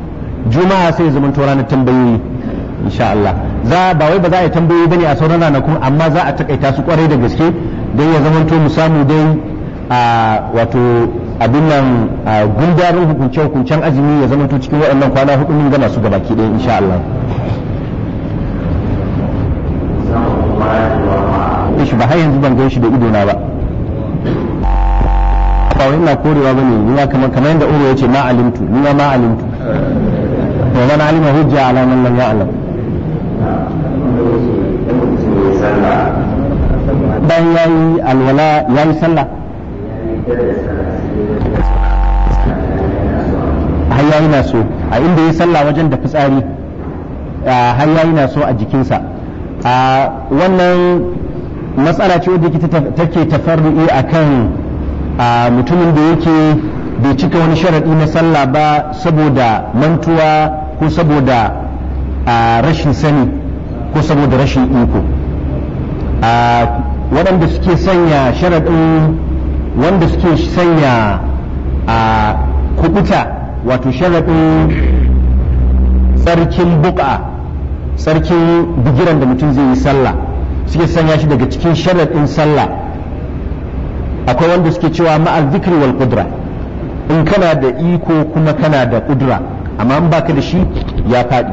juma'a sai zaman to ranar tambayoyi insha Allah za ba wai ba za a yi tambayoyi bane a sauran ranakun amma za a takaita su kwarai da gaske don ya zaman to mu samu dai a wato abin nan gundarin hukunce hukuncen azumi ya zama to cikin waɗannan kwana hudu mun gama su gabaki dai insha Allah ishi ba har yanzu ban gan shi da na ba ba wai ina korewa ba ne ma kamar kamar yadda uru yace ma alimtu ni ma alimtu alimtu to man alima hujja ala man lam ya'lam bayan yayi alwala yayi sallah har yayi na so a inda yayi sallah wajen da fitsari har yayi na so a jikinsa a wannan matsala ce wadda take tafarru'i akan a mutumin da yake bai cika wani sharaɗi na sallah ba saboda mantuwa ko saboda rashin sani ko saboda rashin iko waɗanda suke sanya sharaɗin wanda suke sanya a kubuta wato sharaɗin tsarkin buka tsarkin bigiran da mutum zai yi sallah suke sanya shi daga cikin sharaɗin sallah akwai wanda suke cewa ma'al zikri wal qudra in kana da iko kuma kana da kudura amma in baka da shi ya faɗi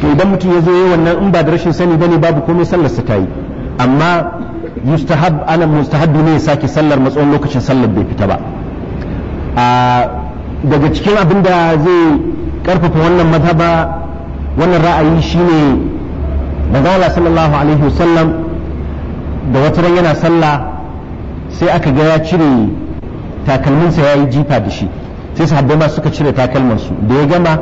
to idan mutum ya zo wannan in ba da rashin sani bane babu komai sallar sa tayi amma mustahab ana mustahabbi ne ya sake sallar matsayin lokacin sallar bai fita ba a daga cikin abin da zai karfafa wannan mazhaba wannan ra'ayi shine manzo sallallahu alaihi wasallam da wata ran yana sallah sai aka ga ya cire takalminsa ya yi jifa da shi sai sahabbai ma suka cire takalmansu da ya gama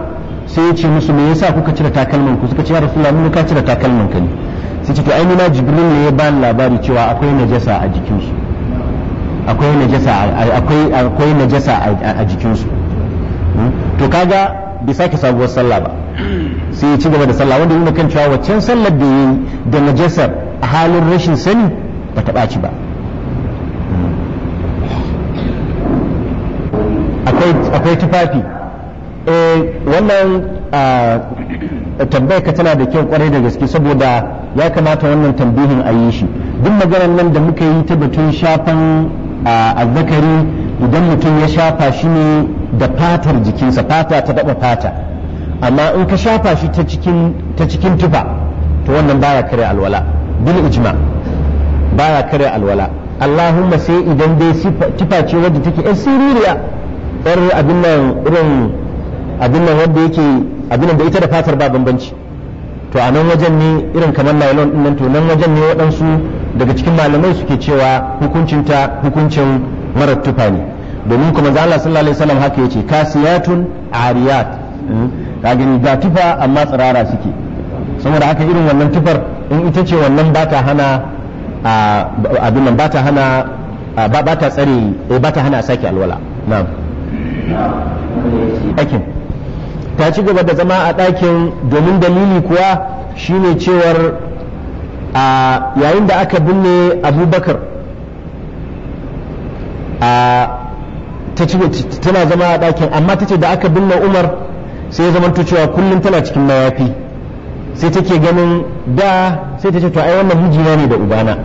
sai ya ce musu me yasa kuka cire takalman ku suka ce ya rasulullah mun ka cire takalman ka ne sai ce to ai na jibril ne ya bani labari cewa akwai najasa a jikinsu akwai najasa akwai akwai najasa a jikinsu hmm? to kaga bai sake sabuwar sallah ba sai ya ci gaba da sallah wanda yana kan cewa waccan sallar da yi da najasar a halin rashin sani ba ta ɓaci ba akwai tufafi eh, wannan tambayar ka tana da kyau kwarai da gaske saboda ya kamata wannan tambihin a yi shi duk maganar nan da muka yi ta batun shafan azzakari idan mutum ya shafa shi ne da fatar jikinsa fata ta daba fata amma in ka shafa shi ta cikin tufa to wannan baya kare alwala bil ijma baya kare alwala allahumma sai idan dai tufa ce wadda take yan siririya yar abin nan irin abin nan wanda yake abin nan da ita da fatar ba bambanci to a nan wajen ne irin kamar nylon din nan to nan wajen ne waɗansu daga cikin malamai suke cewa ta hukuncin marar tufa ne domin kuma za sallallahu alaihi wasallam haka yace kasiyatun ariyat hmm? ka gani ga tufa amma tsirara suke saboda haka irin wannan tufar in ita ce wannan ba ta hana abin nan ba ta hana ba ta tsare eh, ba ta hana sake alwala na'am ɗakin ta ci gaba da zama a ɗakin domin dalili kuwa shine cewar a yayin da aka binne abubakar a tana zama a ɗakin amma ta ce da aka binne umar sai ya zamanta cewa kullum tana cikin mayafi sai take ganin da sai ta ce to ai wannan mijina ne da ubana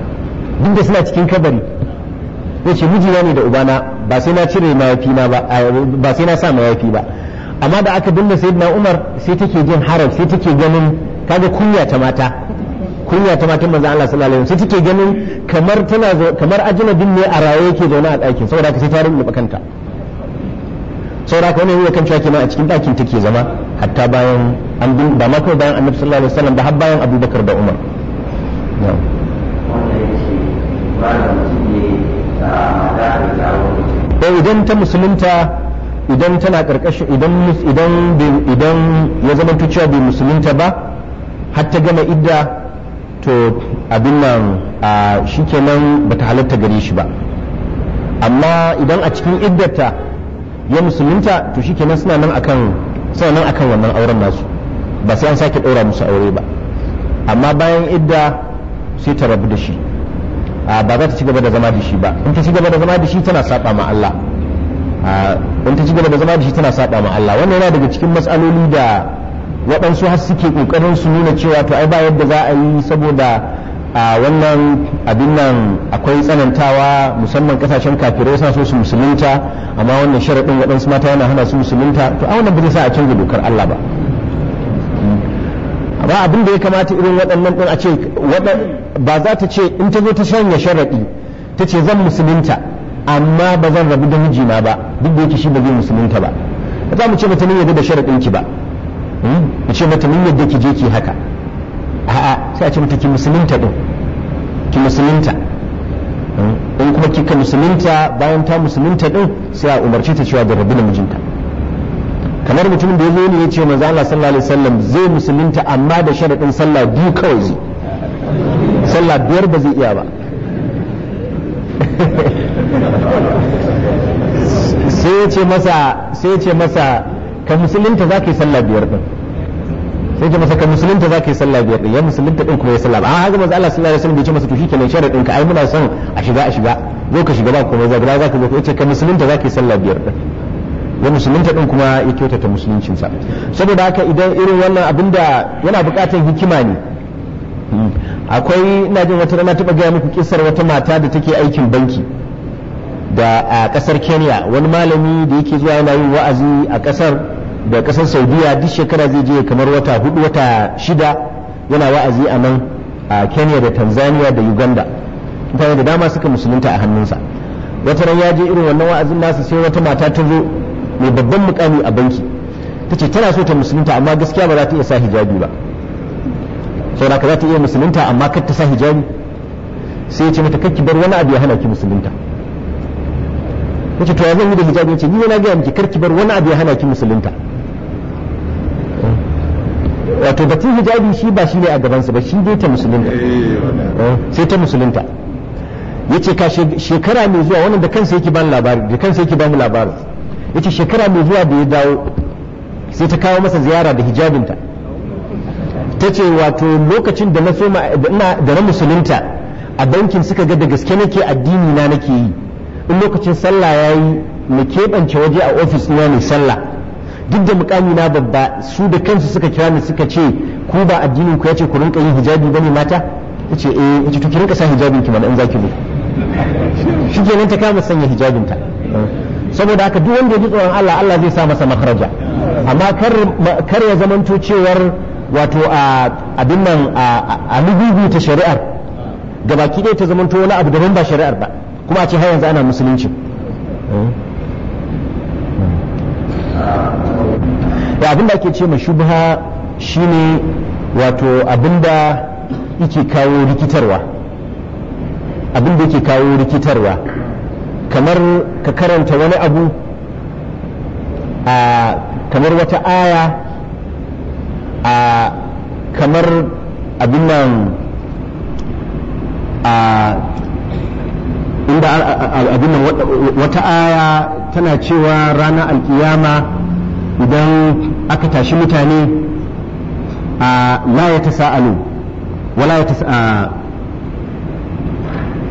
duk da suna cikin kabari yace mijina ne da ubana ba sai na cire mayafi na ba ba sai na sa mayafi ba amma da aka binne sayyidina Umar sai take jin haram sai take ganin kaga kunya ta mata kunya ta matan manzo Allah sallallahu alaihi wasallam sai take ganin kamar tana kamar ajnabin ne a raye yake zaune a ɗakin saboda ka sai ta rubuta bakanta saboda ka wannan kan cewa kenan a cikin ɗakin take zama hatta bayan an ba ma kawai bayan Annabi sallallahu alaihi wasallam ba har bayan Abubakar da Umar na'am ko eh, idan ta musulunta idan tana karkashin idan idan idan ya zama cewa bai musulunta ba har ta gama idda to abin nan shikenan ta halatta gare shi ba amma idan a cikin iddarta ya musulunta to shikenan suna nan akan suna nan akan wannan auren nasu ba sai an sake ɗora musu aure ba amma bayan idda sai ta rabu da shi ba za ta ci gaba da zama da shi ba in ta ci gaba da zama da shi tana saba ma Allah in ta ci gaba da zama da shi tana saba ma Allah wannan yana daga cikin matsaloli da waɗansu har suke ƙoƙarin su nuna cewa to ai ba yadda za a yi saboda a wannan abin nan akwai tsanantawa musamman kasashen kafirai yasa so su musulunta amma wannan sharaɗin waɗansu mata yana hana su musulunta to a wannan ba zai sa a canza dokar Allah ba ba abin da ya kamata irin waɗannan ɗin a ce ba za ta ce in ta zo ta shanya sharaɗi ta ce zan musulunta amma ba zan rabu da mijina ba duk da yake shi ba zai musulunta ba ba za mu ce mata mun yadda da sharaɗin ki ba hmm? mu ce mata mun yadda ki je ki haka a'a sai a ce mata ki musulunta din ki musulunta hmm? in kuma kika musulunta bayan ta musulunta din sai a umarce ta cewa da rabu da mijinta kamar mutumin da ya zo ne ya ce manzo Allah sallallahu alaihi wasallam zai musulunta amma da sharadin sallah biyu kawai zai sallah biyar ba zai iya ba *laughs* sai ya ce masa sai ya ce masa ka musulunta zaka yi sallah biyar din sai ce masa ka musulunta zaka yi sallah biyar din ya musulunta din kuma ya sallah ba amma haka manzo Allah sallallahu alaihi wasallam bai ce masa to shikenan sharadin ka ai muna son a shiga a shiga zo ka shiga ba komai zaka zaka zo ka ce ka musulunta zaka yi sallah biyar din ya musulunta din kuma ya kyautata musuluncinsa saboda haka idan irin wannan abin da yana buƙatar hikima ne hmm. akwai ina jin wata rana taɓa gaya muku kisar wata mata da take aikin banki da a ƙasar kenya wani malami da yake zuwa yana yin wa'azi a ƙasar da ƙasar saudiya duk shekara zai je kamar wata hudu wata shida yana wa'azi a nan a kenya da tanzania da uganda mutane da dama suka musulunta a hannunsa wata ran ya je irin wannan wa'azin nasa sai wata mata ta zo mai babban mukami a banki ta ce tana so ta musulunta amma gaskiya ba za ta iya sa hijabi ba saboda ka za ta iya musulunta amma kar ta sa hijabi sai ya ce mata kakki bar wani abu ya hana ki musulunta nace to ya zan yi da hijabi yace ni yana gaya miki kar ki bar wani abu ya hana ki musulunta wato batun hijabi shi ba shi ne a gabansa ba shi dai ta musulunta sai ta musulunta yace ka shekara mai zuwa wannan da kansa yake ban labari da kansa yake ban labari yace shekara mai zuwa da ya dawo sai ta kawo masa ziyara da hijabinta ta ce wato lokacin da na soma da na musulunta a bankin suka ga da gaske nake addini na nake yi in lokacin sallah ya yi na keɓance waje a ofis na mai sallah duk da mukami na babba su da kansu suka kira ni suka ce ku ba addinin ku yace ku rinka yin hijabi bane mata tace eh yace to ki rinka sa hijabin ki mana in zaki shi shikenan ta kama sanya hijabinta saboda haka duk wanda ya ji tsoron Allah Allah zai sa masa makaraja amma kar ya zamanto cewar wato a abin nan a ta shari'ar baki ɗaya ta zamanto wani abu daban ba shari'ar ba kuma a ce har yanzu ana musulunci da eh. abin da ake ce ma shubha shine wato abin da yake kawo rikitarwa abin da yake kawo rikitarwa kamar ka karanta wani abu a kamar wata aya a kamar abin nan a inda abin nan wata aya tana cewa rana alkiyama idan aka tashi mutane a la ya ta sa'alu wala ya ta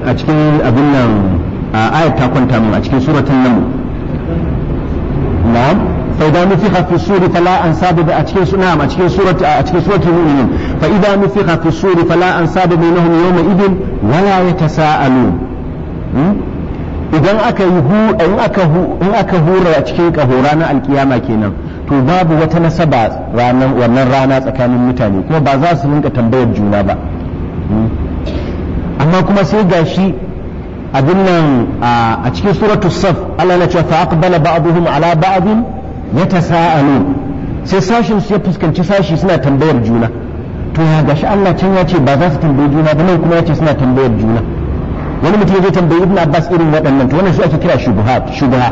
a cikin abin nan a ayat ta kwanta min a cikin suratul namu, na'am fa idan nufiha fi suri fala ansabu a cikin suna a cikin surat a cikin suratul mu'minin fa idan nufiha fi suri fala ansabu bainahum yawma idin la yatasaalun idan aka yi hu in aka hu in aka hura a cikin kaho ranar alkiyama kenan to babu wata nasaba ranan wannan rana tsakanin mutane kuma ba za su rinka tambayar juna ba amma kuma sai gashi abin nan a cikin suratu saf Allah na cewa fa aqbala ba'dhum ala ba'd yatasaalu sai sashin su ya fuskanci sashi suna tambayar juna to ya gashi Allah can ya ce ba za su tambayi juna ba nan kuma ya ce suna tambayar juna wani mutum zai tambayi ibn abbas irin waɗannan to wannan shi ake kira shubuhat shubuha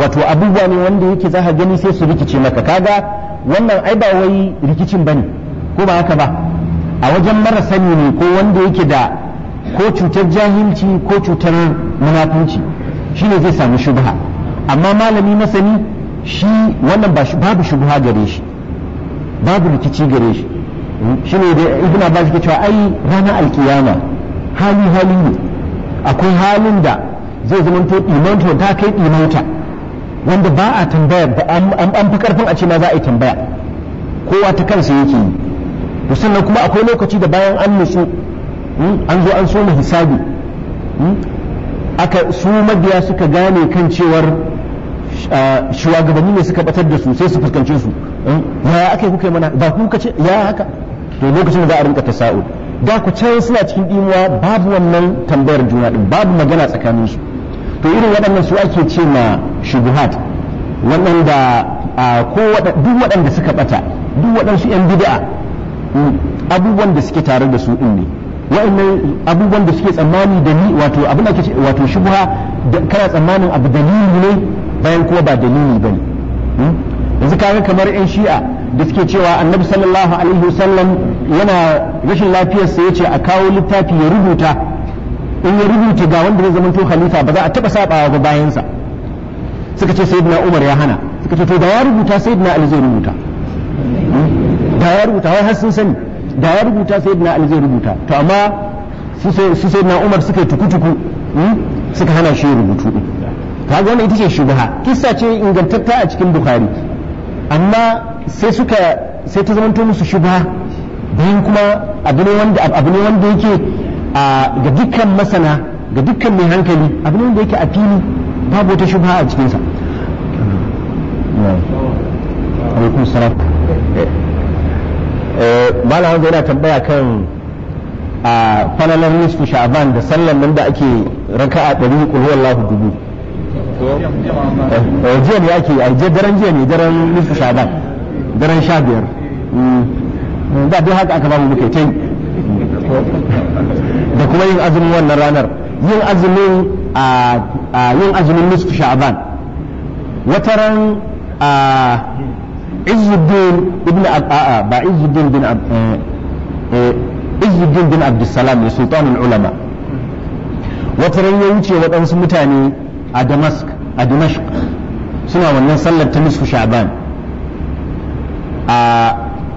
wato abubuwa ne wanda yake za gani sai su rikice maka kaga wannan ai ba wai rikicin bane ko ba haka ba a wajen mara sani ne ko wanda yake da ko cutar jahilci ko cutar munafunci shi ne zai samu shubha amma malami masani shi wannan babu shubha gare shi babu rikici gare shi ne da ibn abbas ke cewa ai ranar alkiyama hali hali ne akwai halin da zai zama to imanta ta kai imanta wanda ba a tambaya an fi karfin a ce ma za a yi tambaya kowa ta kansa yake yi sannan kuma akwai lokaci da bayan an nutsu Hmm? an zo an so mu hisabi hmm? aka su mabiya suka gane kan cewar ah, shugabanni ne suka batar da su sai su fuskance su hmm? yaya aka yi kuka mana ba ku kace ya haka to lokacin da za a rinka da ku can suna cikin dimuwa babu wannan tambayar juna din babu magana tsakanin su to irin waɗannan su ake ce ma shubuhat waɗanda ah, ko duk waɗanda suka bata duk waɗansu 'yan bid'a abubuwan da suke tare da su din ne wa'annan abubuwan da suke tsammani da ni wato abin da ake wato shubha kana tsammanin abu dalili ne bayan kuma ba dalili ne. Hmm? yanzu kaga kamar yan shi'a da suke cewa annabi sallallahu alaihi wasallam yana rashin lafiyar sa yace a kawo littafi ya rubuta in ya rubuta ga wanda zai zama to khalifa ba za a taba sabawa ba bayan sa suka ce sayyidina Umar ya hana suka ce to da ya rubuta sayyidina Ali zai rubuta hmm? da ya rubuta wai har sun sani da ya rubuta sai na ali zai rubuta to amma su sai na umar suka tuku-tuku hmm? suka hana shi rubutu din kaga wannan ita ce shubha kissa ce ingantatta a cikin bukhari amma sai suka sai ta zamanto musu shubha bayan kuma abu ne wanda abu ne wanda yake ga dukkan masana ga dukkan mai hankali abu ne wanda yake a fili babu wata shubha a cikinsa alaikum salam Eh, malam wanda yana tambaya kan a falalar nisfu sha'ban da sallan nan da ake raka a ɗari kul huwallahu dubu eh, eh, jiya ne ake a daren jiya ne daren nisfu sha'ban daren sha biyar mm. Mm, ba duk haka aka bamu muke ta mm. da kuma yin azumin wannan ranar yin azumin a yin azumin nisfu sha'ban wataran a izuddin ibn ab'a ah, ah, ba izuddin bin eh, eh, izuddin bin abdussalam ne sultanul ulama wata ran ya wuce waɗansu mutane a damask a dimashq suna wannan sallar ta nisfu sha'ban a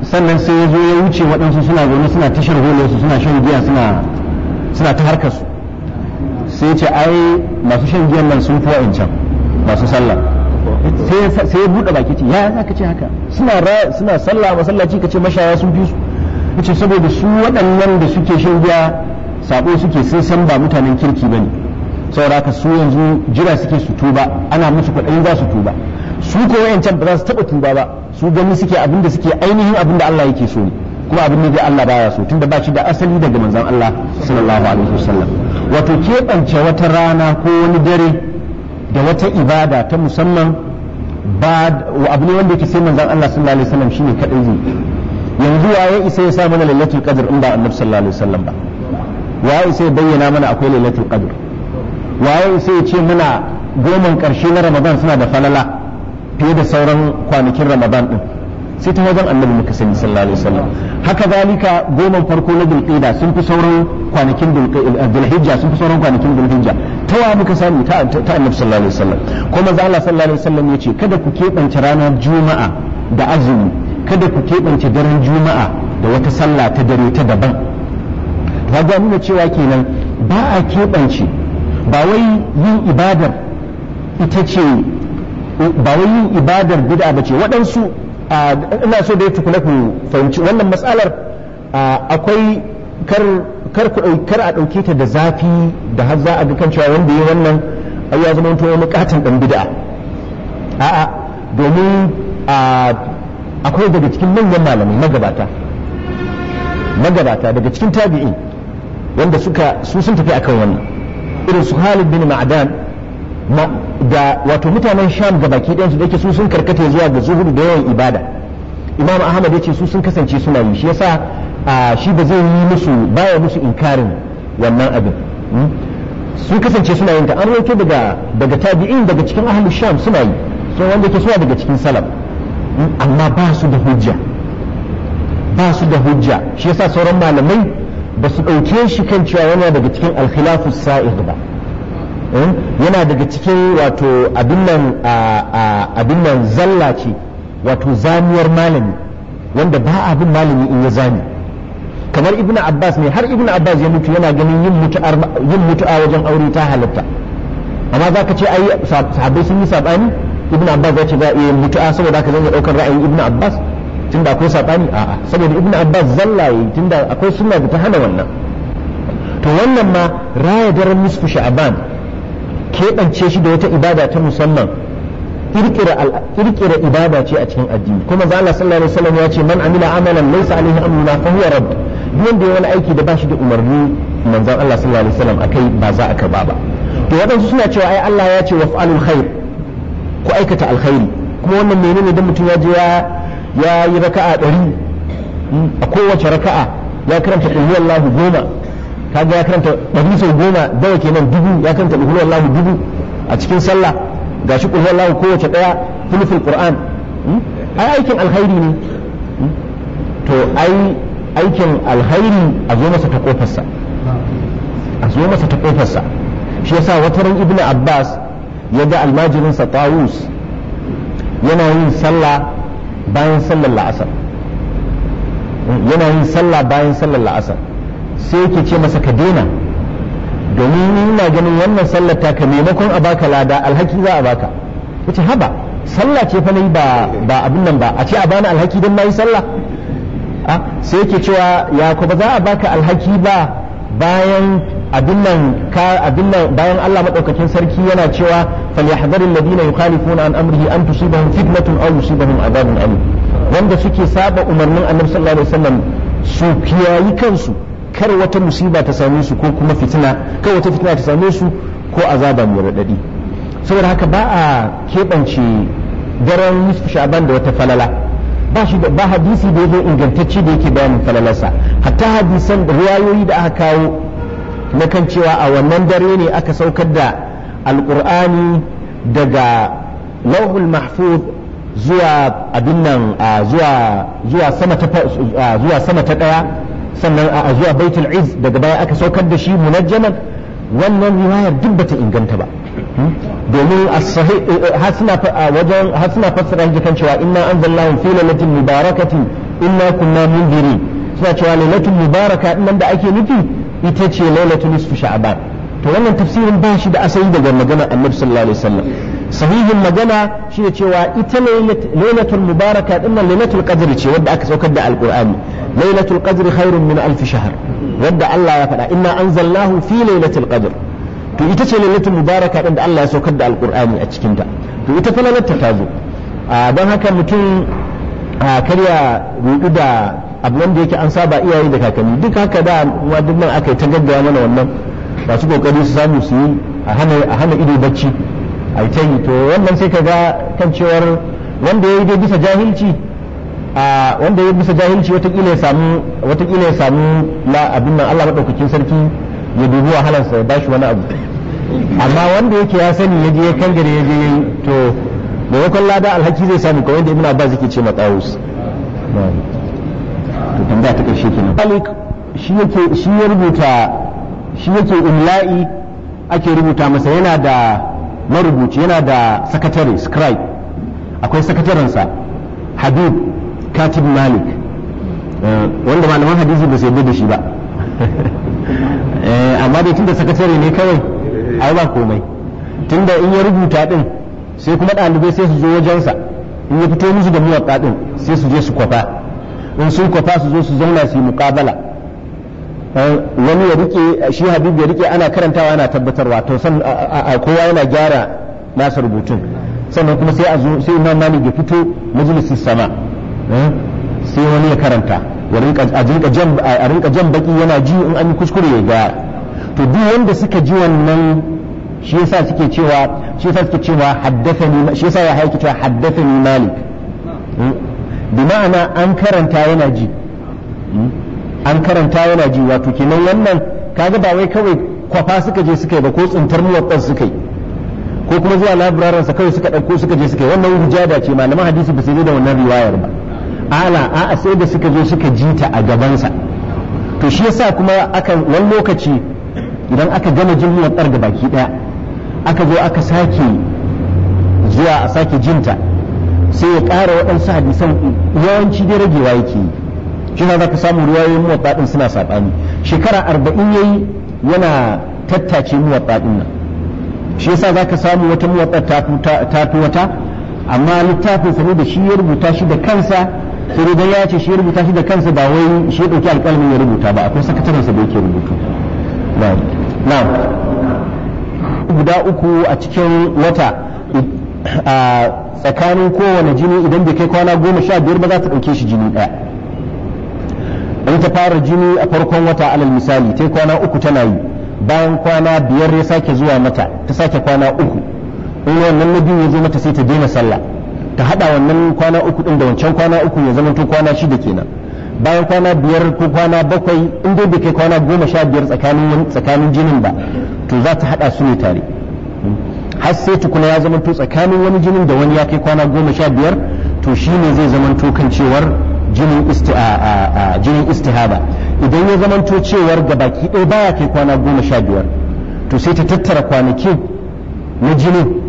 sannan sai ya zo ya wuce waɗansu suna zaune suna tashar holo su suna shan giya suna suna ta harkar su sai ce ai masu shan giyan nan sun fi can masu sallar. sai ya buɗe baki ce ya za ka ce haka suna suna sallah masallaci ka ce mashaya sun fi su ce saboda su waɗannan da suke shan giya sabo suke sun san ba mutanen kirki bane saboda haka su yanzu jira suke su tuba ana musu kuɗin za su tuba su ko wayancan ba za su taɓa tuba ba su gani suke abin da suke ainihin abin da Allah yake so ne kuma abin da Allah baya so tunda ba shi da asali daga manzon Allah sallallahu alaihi wasallam wato keɓance wata rana ko wani dare da wata ibada ta musamman ba abu ne wanda yake sai manzan Allah sallallahu alaihi wasallam shine kadai zai yanzu waye isa ya sa mana lailatul qadr in ba annabi sallallahu alaihi wasallam ba waye isa ya bayyana mana akwai lailatul qadr waye isa ya ce mana goman karshe na ramadan suna da falala fiye da sauran kwanakin ramadan din sai ta wajen annabi muka sani sallallahu alaihi wasallam haka zalika goman farko na dulqida sun fi sauran kwanakin dulhijja eh, sun fi sauran kwanakin dulhijja ta wa muka sani ta annabi sallallahu alaihi wasallam ko manzo Allah sallallahu alaihi wasallam yace kada ku keɓance ranar juma'a da azumi kada ku keɓance daren juma'a da wata sallah ta dare ta daban to ga nuna cewa kenan ba a keɓance ba wai yin ibadar ita ce ba wai yin ibadar bid'a bace waɗansu ina so da ya tukuna ku fahimci wannan matsalar akwai kar a ɗauke ta da zafi da har za a ga kan cewa wanda ya wannan ai ya zama wani katin ɗan bid'a a'a domin akwai daga cikin manyan malamai magabata magabata daga cikin tabi'i wanda suka su sun tafi akan wani irin su Khalid bin Ma'dan da wato mutanen sham ga baki ɗayansu da yake su sun karkata zuwa ga zuhudu da yawan ibada imam ahmad ya ce su sun kasance suna yi shi yasa shi ba zai yi musu baya musu inkarin wannan abin hmm? sun kasance suna yin ta an rawaito daga daga tabi'in daga cikin ahlus sham suna yi sun wanda ke suna daga cikin Salam. Hmm? amma ba su da hujja ba su da hujja shi yasa sauran malamai ba su ɗauke shi kan cewa yana daga cikin alkhilafus sa'id ba Eh? yana daga cikin wato abin nan zalla ce wato zamiyar malami wanda ba abin malami in ya zami kamar ibn abbas ne har ibn abbas ya mutu yana ganin yin mutu'a wajen aure ta halatta amma za ka ce ai sahabbai sun yi sabani ibn abbas ya ce za a iya mutu'a saboda ka zan daukar ra'ayin ibn abbas tunda akwai sabani a'a saboda ibn abbas zalla tun tunda akwai sunna da ta hana wannan to wannan ma raya daren nisfu sha'ban keɓance shi da wata ibada ta musamman kirkira ibada ce a cikin addini kuma za Allah sallallahu alaihi wasallam ya ce man amila amalan laysa alaihi amruna fa huwa radd duk wanda wani aiki da bashi da umarni manzon Allah sallallahu alaihi wasallam akai ba za a karba ba to waɗansu suna cewa ai Allah ya ce waf'alul khair ku aikata alkhairi kuma wannan menene da mutum ya je ya yi raka'a ɗari a kowace raka'a ya karanta qul huwallahu goma kaga ya karanta ɗari sau goma dawa kenan dubu ya karanta bihul wallahu dubu a cikin sallah ga shi qul huwallahu kowace ɗaya hulufin qur'an hmm? ai aikin alkhairi ne hmm? to ai aikin alkhairi a zo masa ta kofarsa a zo masa ta kofarsa shi yasa ran Ibn abbas ya ga almajirinsa tawus yana yin sallah bayan sallar la'asar hmm? yana yin sallah bayan sallar la'asar sai ke ce masa ka daina domin ina ganin wannan sallar taka maimakon a baka lada alhaki za a baka ce haba sallah ce fa nayi ba ba abin nan ba a ce a bani alhaki dan nayi sallah a sai ke cewa ya ko ba za a baka alhaki ba bayan abin nan ka abin nan bayan Allah madaukakin sarki yana cewa falyahdharu alladhina yukhalifuna an amrihi an tusibahum fitnatun aw yusibahum adabun alim wanda suke saba umarnin Annabi sallallahu alaihi wasallam su kiyayi kansu kar wata musiba ta same su ko kuma fitina kar wata fitina ta same su ko azaba mai raɗaɗi saboda haka ba a keɓance daren nisfu sha'ban da wata falala ba shi ba hadisi da yake ingantacce da yake bayanin falalarsa hatta hadisan da riwayoyi da aka kawo na kan cewa a wannan dare ne aka saukar da alkur'ani daga lauhul mahfuz zuwa abin nan zuwa sama ta zuwa sama ta daya sannan a zuwa baitul iz daga baya aka saukar da shi munajjaman wannan riwayar duk bata inganta ba hmm? domin eh, har suna fassara shi kan cewa inna anzalnahu fi lailatin mubarakatin inna kunna mundirin suna cewa lailatul mubaraka nan da ake nufi ita ce lailatul nisfu sha'ban to wannan tafsirin ba shi da asali daga maganar annabi sallallahu alaihi wasallam sahihin magana shi ne cewa ita lailatul mubaraka din nan lailatul qadr ce wadda aka saukar da alqur'ani lailatul qadr khairun min alf shahr wadda Allah ya faɗa inna anzalnahu fi lailatul qadr to ita ce lailatul mubaraka din da Allah ya saukar da alqur'ani a cikin ta to ita fa lailatul ta dan don haka mutum karya rudu da abu wanda yake an saba iyaye da kakanni duk haka da wa duk nan aka yi ta gaggaya mana wannan masu kokari su samu su yi a hana ido bacci a ta yi to wannan sai ka ga kan cewar wanda ya yi dai bisa jahilci a wanda ya bisa jahilci watakila ya samu watakila ya samu la abin nan Allah madaukakin sarki ya dubi wahalarsa ya bashi wani abu amma wanda yake ya sani ya je kan gari ya je yayi to maimakon lada alhaki zai samu kawai da ibn abbas yake ce ma tawus to tambaya ta karshe kenan malik shi yake shi ya rubuta shi yake imla'i ake rubuta masa yana da marubuci yana da sakatare scribe akwai sakatarensa habib katib malik eh, wanda malaman hadisi ba su yarda da shi ba *laughs* eh, amma dai tunda sakatare ne kawai ai ba komai tunda in ya rubuta din sai kuma ɗalibai sai su zo wajensa in ya fito musu da muwaƙa din sai su je su kwafa in sun kwafa su zo su zauna su yi muƙabala Eh, wani ya rike shi habib ya rike ana karantawa ana tabbatarwa to san kowa yana gyara nasa rubutun sannan kuma sai a zo sai imam malik ya fito majalisin sama eh, sai wani ya karanta a rinka jan baki yana ji in an yi kuskure ya gyara to duk wanda suka ji wannan shi yasa suke cewa shi yasa suke cewa haddathani shi yasa ya haiki cewa haddathani malik eh, bi ma'ana an karanta yana ji hmm? an karanta yana ji wato kenan wannan kaga ba wai kawai kwafa suka je suka yi ba ko tsintar muwaffas suka yi ko kuma zuwa labirarin sa kawai suka ɗauko suka je suka yi wannan hujada ce malaman hadisi ba su yi da wannan riwayar ba ala a'a sai da suka je suka ji ta a gabansa to shi yasa kuma akan wani lokaci idan aka gama jin muwaffar da baki ɗaya aka zo aka sake zuwa a sake jinta sai ya ƙara waɗansu hadisan yawanci dai ragewa yake yi kina za ka samu ruwayoyin muwatta suna sabani shekara arba'in yayi yana tattace mu nan shi yasa zaka ka samu wata muwatta ta fi wata amma littafin sa da shi ya rubuta shi da kansa sai dai ya ce shi ya rubuta shi da kansa ba wai shi ya dauki alƙalmin ya rubuta ba akwai sakataren sa da yake rubutu na'am guda uku a cikin wata a tsakanin kowane jini idan bai kai kwana goma sha biyar ba za ta ɗauke shi jini ɗaya in ta fara jini a farkon wata alal misali ta kwana uku tana yi bayan kwana biyar ya sake zuwa mata ta sake kwana uku in wannan na biyu ya zo mata sai ta daina sallah ta hada wannan kwana uku din da wancan kwana uku ya zama to kwana shida kenan bayan kwana biyar ko kwana bakwai in dai bai kai kwana goma sha biyar tsakanin jinin ba to za ta hada su ne tare har sai tukuna ya zama to tsakanin wani jinin da wani ya kai kwana goma sha biyar to shine zai zama to kan cewar jinin istihaba idan ya zamanto cewar ga baki ɗaya baya kai kwana goma sha biyar to sai ta tattara kwanaki na jinin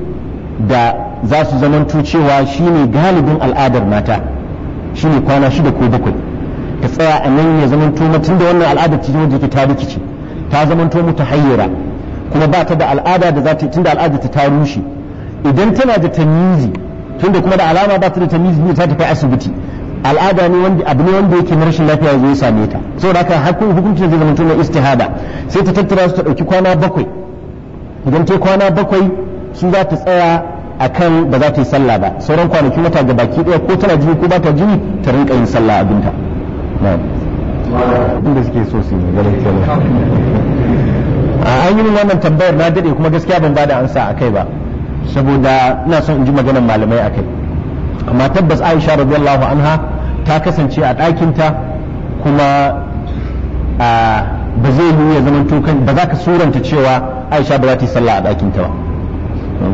da za su zamanto cewa shi ne galibin al'adar mata shi ne kwana shida ko bakwai ta tsaya a nan ya zamanto mutum da wannan al'adar ta wanda yake ta rikice ta zamanto hayyara kuma ba ta da al'ada da za ta tunda al'ada ta ta rushe idan tana da tamizi tunda kuma da alama ba ta da tamizi ne ta tafi asibiti al'ada ne wanda abu ne wanda yake na rashin lafiya zai same ta saboda haka hakun hukuncin zai zama na istihada sai ta tattara su ta dauki kwana bakwai idan ta kwana bakwai su za ta tsaya akan ba za ta yi sallah ba sauran kwanaki wata ga baki daya ko tana jini ko ba ta jini ta rinka yin sallah abinta inda yi a an yi wannan tambayar na dade kuma gaskiya ban ba da ansa a kai ba saboda ina son in ji maganar malamai a kai. amma tabbas aisha radiyallahu anha ta kasance a ɗakinta kuma ba zai yi ya zama tukan ba za ka suranta cewa aisha ba za ta yi sallah a ɗakinta ba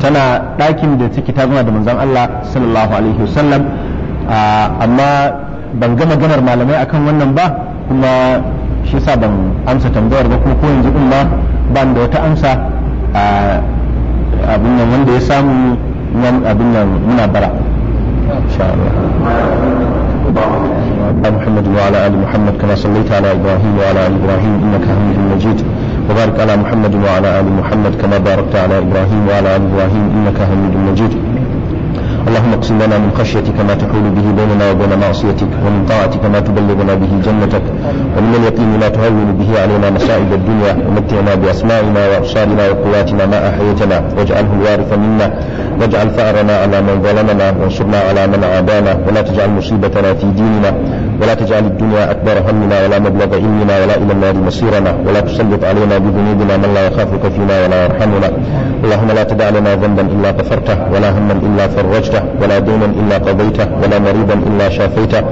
tana ɗakin da take ta zama da manzon Allah sallallahu alaihi wasallam amma ban ga maganar malamai akan wannan ba kuma shi sa ban amsa tambayar ba kuma ko yanzu din ma ban da wata amsa abin nan wanda ya samu من نعم، أبنا نعم. من أبرع إن شاء الله على محمد وعلى آل محمد كما صليت على إبراهيم وعلى آل إبراهيم إنك حميد مجيد وبارك على محمد وعلى آل محمد كما باركت على إبراهيم وعلى آل إبراهيم إنك حميد مجيد اللهم اقسم لنا من خشيتك ما تحول به بيننا وبين معصيتك ومن طاعتك ما تبلغنا به جنتك ومن اليقين ما تهون به علينا مصائب الدنيا ومتعنا بأسمائنا وأبصارنا وقواتنا ما أحييتنا واجعله الوارث منا واجعل ثأرنا على من ظلمنا وانصرنا على من عادانا ولا تجعل مصيبتنا في ديننا ولا تجعل الدنيا أكبر همنا ولا مبلغ علمنا ولا إلى النار مصيرنا ولا تسلط علينا بذنوبنا من لا يخافك فينا ولا يرحمنا اللهم لا تدع لنا ذنبا إلا غفرته ولا هما إلا فرجته قضيته ولا دينا إلا قضيته ولا مريضا إلا شافيته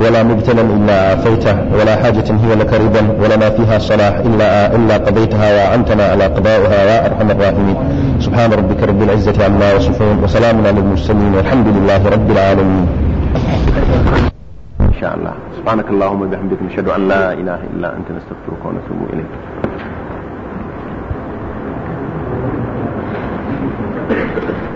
ولا مبتلا إلا عافيته ولا حاجة هي لك ربا ولا ما فيها صلاح إلا إلا قضيتها وأعنتنا على قضائها يا أرحم الراحمين سبحان ربك رب العزة عما يصفون وسلام على المرسلين والحمد لله رب العالمين إن شاء الله سبحانك اللهم وبحمدك نشهد أن لا إله إلا أنت نستغفرك ونتوب إليك Thank you.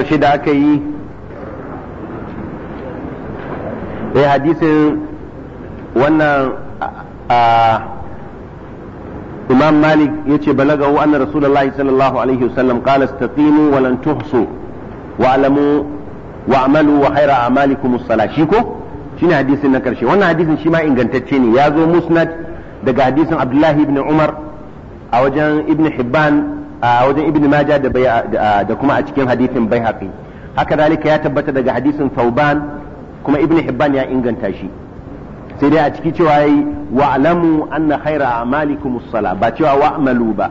ƙarshe da aka yi eh hadisin wannan imam malik ya ce balagahu anna rasulullahi sallallahu alaihi wasallam qala istaqimu wa lan tuhsu wa'lamu wa'malu wa khayra a'malikum as-salah shi ko shine hadisin na karshe wannan hadisin shi ma ingantacce ne ya zo musnad daga hadisin abdullahi ibn umar a wajen ibn hibban a wajen ibn majah da da kuma a cikin hadisin baihaqi haka dalika ya tabbata daga hadisin sauban kuma ibn hibban ya inganta shi sai dai a ciki cewa yayi wa'lamu anna khaira a'malikum as-sala ba cewa wa'malu ba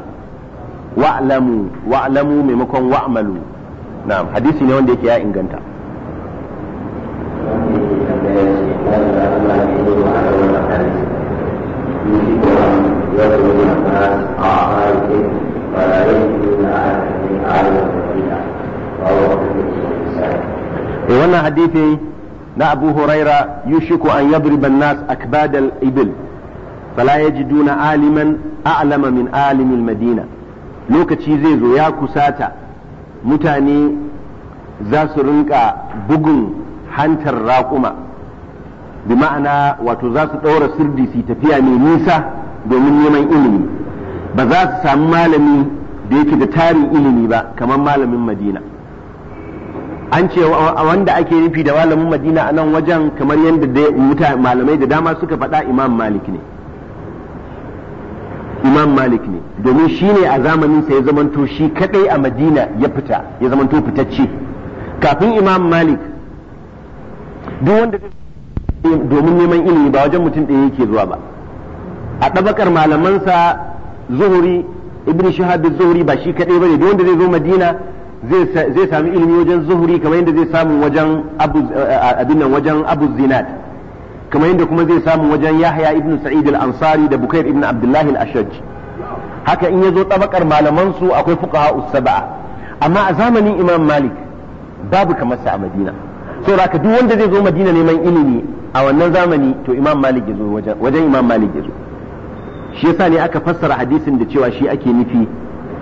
wa'alamu wa'alamu maimakon wa'malu na'am hadisi ne wanda yake ya inganta a ولا أحد من wannan hadisi na Abu Huraira yushiku an yadriba an-nas akbad al-ibil fala yajiduna aliman a'lama min alim al-madina lokaci zai zo ya kusata mutane za su rinka bugun hantar raƙuma bi ma'ana wato za su ɗaura sirdi su tafiya mai nisa domin neman ilimi ba za su samu malami da yake da tarin ilimi ba kamar malamin madina an ce wanda ake nufi da malamin madina a nan wajen kamar yadda da malamai da dama suka faɗa imam malik ne imam malik ne domin shi ne a zamaninsa ya zamanto shi kadai a madina ya fita ya zamanto fitacce kafin imam malik duk wanda domin neman ilimi ba wajen mutum ɗaya yake zuwa ba a ɗabakar malamansa zuhuri ibn shihab zuhuri ba shi kadai bane duk wanda zai zo madina zai sami ilimi wajen zuhuri kamar yadda zai samu wajen abu eh, abin nan wajen abu zinad kamar yadda kuma zai samu wajen yahya ibn sa'id al-ansari da bukair ibn abdullah al-ashaj haka in yazo tabakar malaman su akwai fuqaha us amma a zamanin imam malik babu kamar sa a madina so haka duk wanda zai zo madina neman ilimi a wannan zamani to imam malik ya zo wajen imam malik ya zo shi yasa ne aka fassara hadisin da cewa shi ake nufi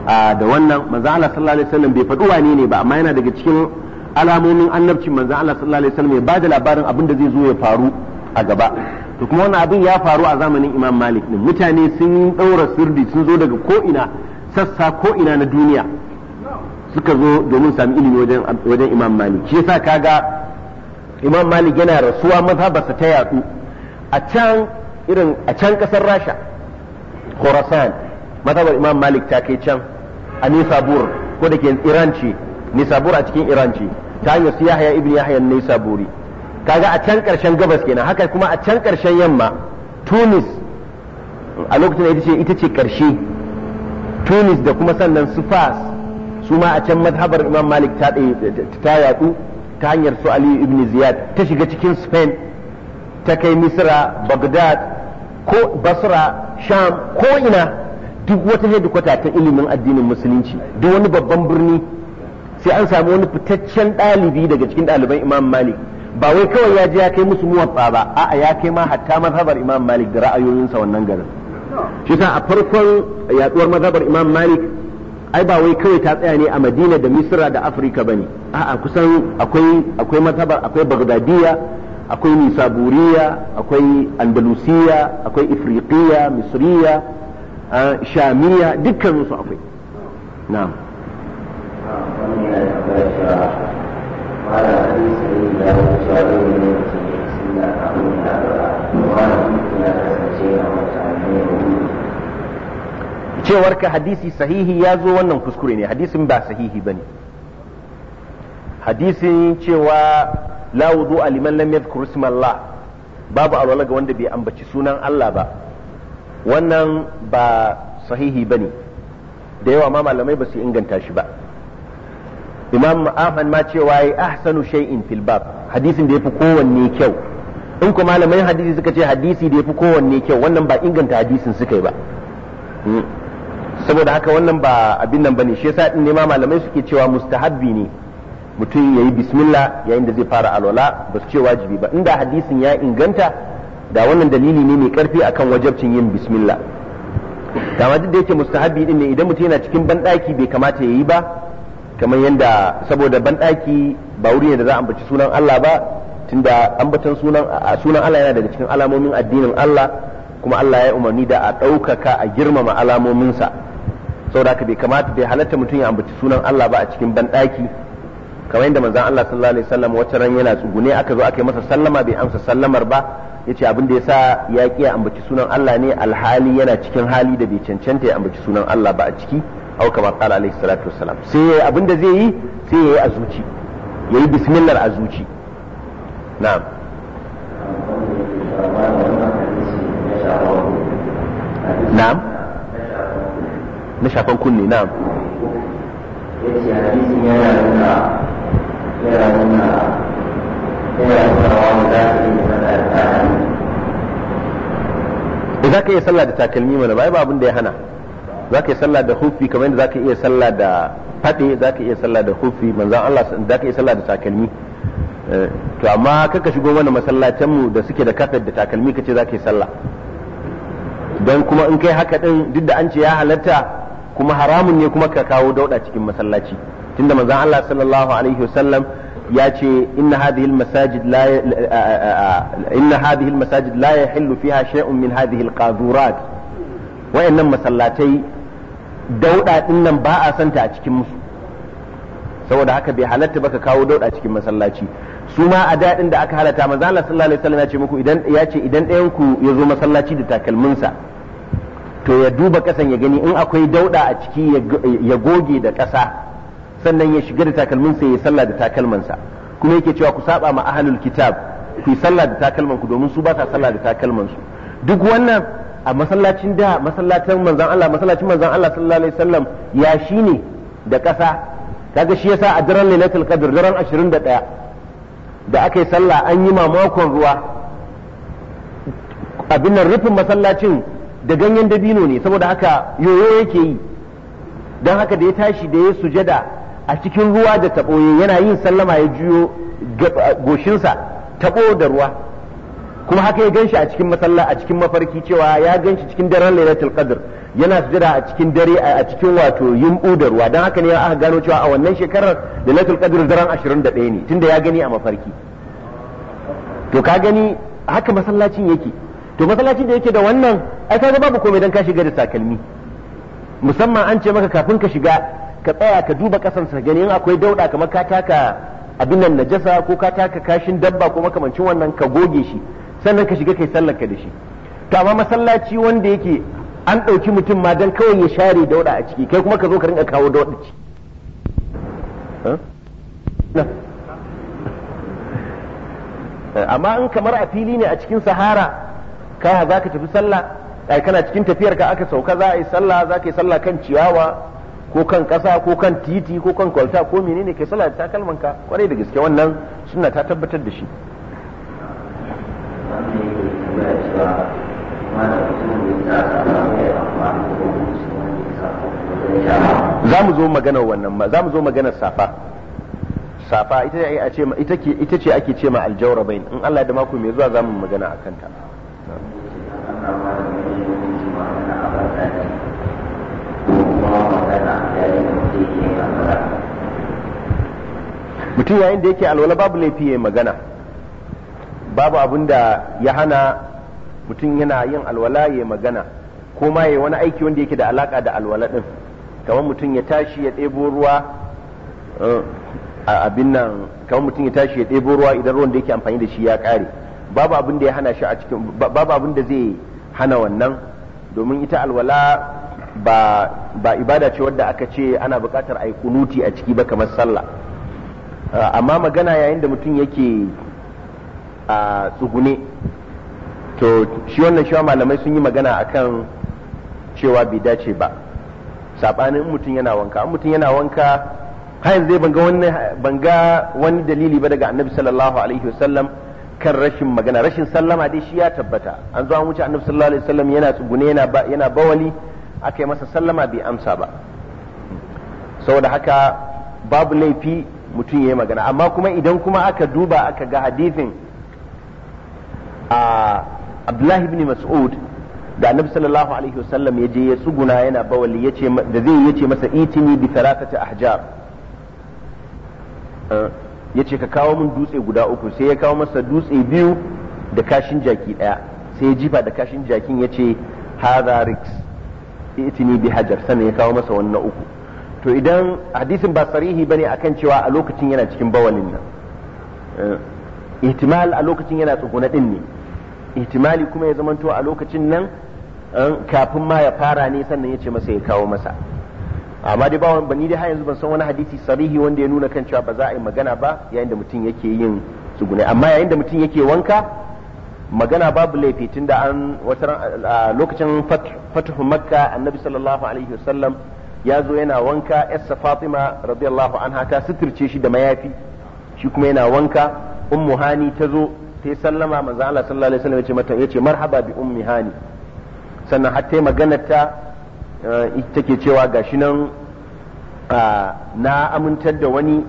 da wannan manzo Allah sallallahu alaihi wasallam bai faɗi wane ne ba amma yana daga cikin alamomin annabci manzo Allah sallallahu alaihi wasallam ya bada labarin abin da zai zo ya faru a gaba to kuma wannan abin ya faru a zamanin Imam Malik din mutane sun daura sirri sun zo daga ko ina sassa ko ina na duniya suka zo domin sami ilimi wajen wajen Imam Malik shi yasa kaga Imam Malik yana rasuwa maza mazhabarsa ta yatsu a can irin a can kasar Rasha khurasan matabar imam malik ta kai can a nisabur ko da ke iran ce nisabur a cikin iranci ta hanyar su yahaya ibn yahaya nisaburi kaga a can karshen gabas kenan haka kuma a can karshen yamma tunis a lokacin da ita ce ita ce karshe tunis da kuma sannan su su ma a can mazhabar imam malik ta eh, ta ta hanyar su ali ibn ziyad ta shiga cikin spain ta kai misra bagdad ko basra sham ko ina duk wata hedikwata ta ilimin addinin musulunci duk wani babban birni sai an samu wani fitaccen ɗalibi daga cikin ɗaliban imam malik ba wai kawai ya je ya kai musu muwatsa ba a'a ya kai ma hatta mazhabar imam malik da ra'ayoyinsa wannan garin shi sa a farkon yaduwar mazhabar imam malik ai ba wai kawai ta tsaya ne a madina da Misira da afirka ba ne, a'a kusan akwai akwai mazhabar akwai bagdadiya akwai nisaburiya akwai andalusiya akwai ifriqiya misriya shamiya dukkan su akwai na'am cewar ka hadisi sahihi ya zo wannan kuskure ne hadisin ba sahihi ba ne hadisin cewa la wudu aliman lam yadhkur ismallah babu alwala ga wanda bai ambaci sunan Allah ba wannan ba sahihi bane da yawa ma malamai ba su inganta shi ba imam ahmad ma cewa yayi ahsanu shay'in fil bab hadisin da yafi kowanne kyau in kuma malamai hadisi suka ce hadisi da yafi kowanne kyau wannan ba inganta hadisin suka yi ba hmm. saboda haka wannan ba abin nan bane shi yasa din ne ma malamai suke cewa mustahabbi ne mutum ya yi bismillah yayin da zai fara alwala ba su ce wajibi ba inda hadisin ya inganta da wannan dalili ne mai karfi akan wajabcin yin bismillah da duk da yake mustahabi din ne idan mutum yana cikin banɗaki bai kamata ya yi ba kamar yadda saboda banɗaki ba wuri ne da za a ambaci sunan Allah ba tunda ambatan sunan sunan Allah yana daga cikin alamomin addinin Allah kuma Allah ya umarni da a ɗaukaka a girmama alamominsa saboda haka bai kamata bai halatta mutum ya ambaci sunan Allah ba a cikin banɗaki kamar yadda manzon Allah sallallahu alaihi wasallam wata ran yana tsugune aka zo aka yi masa sallama bai amsa sallamar ba yace abin da yasa ya ki ya ambaci sunan Allah ne alhali yana cikin hali da bai cancanta ya ambaci sunan Allah ba a ciki au kama qala alaihi salatu wasalam sai abin da zai yi sai yayi a zuci yayi bismillah a zuci na'am na'am na shafan kunne na'am yace hadisin yana nuna yana za ka iya sallah da takalmi mana bai ba abin da ya hana za ka iya sallah da hufi kamar yadda za ka iya sallah da faɗe za ka iya sallah da hufi manzan Allah za ka iya sallah da takalmi eh, to amma kaka shigo mana mu da suke da kafar da takalmi kace za ka yi sallah don kuma in kai haka din duk da an ce ya halatta kuma haramun ne kuma ka kawo dauda cikin masallaci tunda manzon Allah sallallahu alaihi wasallam ya ce inna hadhihi almasajid la inna hadhihi almasajid la yahillu fiha shay'un min hadhihi alqadurat wayannan masallatai dauda din nan ba a santa a cikin musu saboda haka bai halatta baka kawo dauda cikin masallaci su ma a daɗin da aka halata manzon Allah sallallahu alaihi wasallam ya ce muku idan ya ce idan ɗayan ku ya zo masallaci da takalminsa to ya duba kasan ya gani in akwai dauda a ciki ya goge da ƙasa sannan ya shiga da takalminsa ya sallah da takalmansa kuma yake cewa ku saba ma ahlul kitab ku sallah da takalman ku domin su ba sa sallah da takalman su duk wannan a masallacin da masallacin manzon Allah masallacin manzon Allah sallallahu alaihi wasallam ya shine da ƙasa kaga shi yasa a daren lailatul qadr daren 21 da aka yi sallah an yi mamakon ruwa abin nan rufin masallacin da ganyen dabino ne saboda haka yoyo yake yi don haka da ya tashi da ya sujada a cikin ruwa da taɓo yana yin sallama ya juyo goshinsa taɓo da ruwa kuma haka ya ganshi a cikin masalla a cikin mafarki cewa ya ganshi cikin daren lailatul qadr yana sujada a cikin dare a cikin wato yumbu da ruwa dan haka ne aka gano cewa a wannan shekarar lailatul qadr daren 21 ne tunda ya gani a mafarki to ka gani haka masallacin yake to masallacin da yake da wannan ai kaga babu komai dan ka shiga da takalmi musamman an ce maka kafin ka shiga ka tsaya ka duba kasansa gani in akwai dauda kamar ka taka abin nan najasa ko ka taka kashin dabba ko makamancin wannan ka goge shi sannan ka shiga kai sallarka da shi to amma masallaci wanda yake an ɗauki mutum ma dan kawai ya share dauda a ciki kai kuma ka zo ka rinka kawo dauda ciki eh, amma in kamar a fili ne a cikin sahara ka za ka tafi sallah kana cikin tafiyar ka aka sauka za a yi sallah za ka yi sallah kan ciyawa ko kan ƙasa ko kan titi ko kan kwalta ko menene ke sallah da takalmanka kwarai da gaske wannan suna ta tabbatar da shi za mu zo maganar wannan ma za mu zo maganar safa safa ita ce a ce ita ke ita ce ake ce ma aljawrabain in Allah da mako mai zuwa za mu magana akan ta mutum yayin da yake alwala babu laifi ya magana babu abin da ya hana mutum yana yin alwala ya magana ko ma ya wani aiki wanda yake da alaka da alwala din kamar mutum ya tashi ya ɗebo ruwa eh, a abin nan kamar mutum ya tashi ya ɗebo ruwa idan ruwan da yake amfani da shi ya ƙare babu abin da ya hana shi a cikin babu abin da zai hana wannan domin ita alwala ba ibada ce wadda aka ce ana buƙatar ai kunuti a ciki ba kamar sallah Uh, amma magana yayin da mutum yake a tsugune to shi wannan shi malamai sun yi magana akan cewa bai dace ba sabanin mutum yana wanka in mutum yana wanka har yanzu zai banga wani banga wani dalili ba daga annabi sallallahu alaihi wasallam kan rashin magana rashin sallama dai shi ya tabbata an zo an wuce annabi sallallahu alaihi wasallam yana tsugune yana yana bawali aka yi masa sallama bai amsa ba saboda haka babu laifi mutum ya yi magana amma kuma idan kuma aka duba aka ga hadithin a abdullahi ibn mas'ud da annabi sallallahu alaihi wasallam ya je ya tsuguna yana bawali yace da zai yace masa itini bi thalathati ahjar eh, yace ka kawo min dutse guda uku sai ya kawo masa dutse biyu da kashin jaki daya sai ya jifa da kashin jakin yace hadha riks itini bi hajar sannan ya kawo masa wannan uku to idan hadisin ba sarihi bane akan cewa a lokacin yana cikin bawalin nan eh, ihtimal a lokacin yana tsuguna din ne ihtimali kuma ya zamanto a lokacin nan eh, kafin ma ya fara ne sannan ya ce masa ya kawo masa amma dai ba ni dai har yanzu ban san wani hadisi sarihi wanda ya nuna kan cewa ba za a yi magana ba yayin da mutum yake yin tsugune amma yayin da mutum yake wanka magana babu laifi tunda an wata lokacin fatuhu makka annabi sallallahu alaihi wasallam ya zo yana wanka yassa fatima radiyallahu anha ta suturce shi da mayafi shi kuma yana wanka ummu hani ta zo ta sallama manzo Allah sallallahu alaihi wasallam ce mata yace marhaba bi ummi hani sannan har ta magana ta eh, take cewa gashi nan na amintar da wani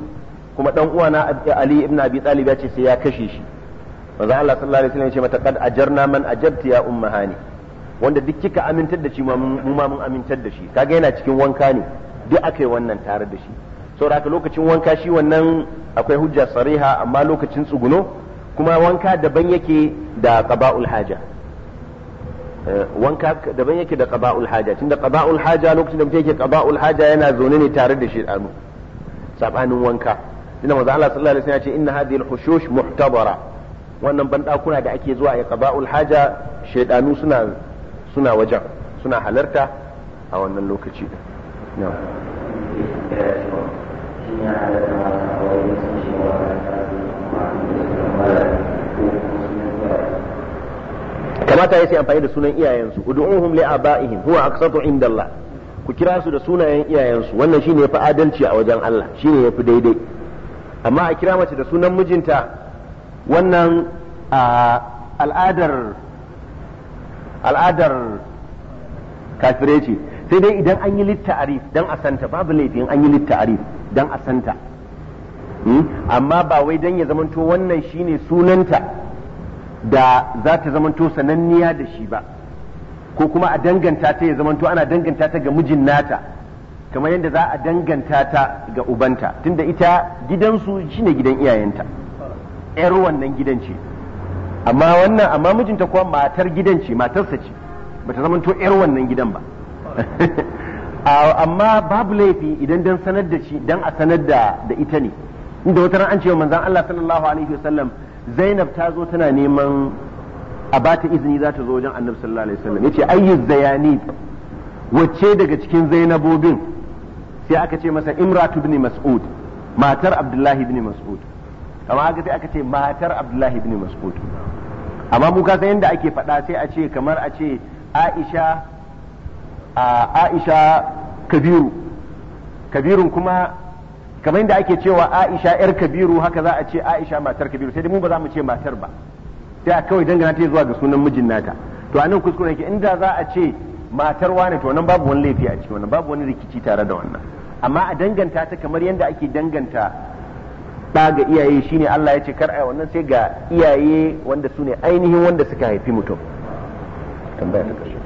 kuma dan uwa na Ali ibn Abi Talib ya ce sai ya kashe shi manzo Allah sallallahu alaihi wasallam ce mata qad ajarna man ajabti ya ummu hani wanda duk kika amintar da shi mu ma mun amintar da shi kaga yana cikin wanka ne duk aka yi wannan tare da shi saboda haka lokacin wanka shi wannan akwai hujja sariha amma lokacin tsuguno kuma wanka daban yake da qaba'ul haja eh, wanka daban yake da qaba'ul haja tunda qaba'ul haja lokacin da mutum yake qaba'ul haja yana zaune ne tare da shi anu sabanin wanka tunda manzo Allah sallallahu alaihi wasallam ya ce inna hadhihi al-hushush muhtabara wannan bandakuna da ake zuwa ya qaba'ul haja shaydanu suna suna wajen suna halarta a wannan lokaci kamata ya amfani da sunan iyayensu ud'uhum li abaihim huwa aqsatu inda Allah ku kira su da sunayen iyayensu wannan shine yafi adalci a wajen Allah shine fi daidai amma a kira mace da sunan mijinta wannan al'adar al'adar kafire ce sai dai idan an yi litta'arif dan a santa babu laifin an yi litta'arif dan a hmm? amma ba wai dan ya zamanto wannan shine sunanta da za ta zamanto sananniya da shi ba ko kuma a danganta ta ya zamanto ana danganta ta ga mijin nata kamar yadda za a danganta ta ga ubanta tunda ita gidansu shine gidan iyayenta 'yar wannan gidan ce amma wannan amma mijinta kuwa matar gidan ce matarsa ce bata ta zamanto yar wannan gidan ba *laughs* amma babu laifi idan dan sanar da shi dan a sanar da da ita ne inda wata ran an ce manzon Allah sallallahu alaihi wasallam Zainab ta zo tana neman a ba izini za ta zo wajen Annabi sallallahu alaihi wasallam yace ayyu zayani wacce daga cikin Zainabobin sai aka ce masa Imratu ibn Mas'ud matar Abdullahi ibn Mas'ud amma haka sai aka ce matar abdullahi ibn mas'ud amma mu ka san yadda ake faɗa sai a ce kamar a ce aisha aisha kabiru kabirun kuma kamar yadda ake cewa aisha yar kabiru haka za a ce aisha matar kabiru sai dai mu ba za mu ce matar ba sai a kawai dangana ta zuwa ga sunan mijin nata to anan kuskure yake inda za a ce matar wane to nan babu wani laifi a ciki wannan babu wani rikici tare da wannan amma a danganta ta kamar yadda ake danganta ɗa ga iyaye shine Allah ya ce kar ai wannan sai ga iyaye wanda su ne ainihin wanda suka haifi mutum tambaya ta ƙarshe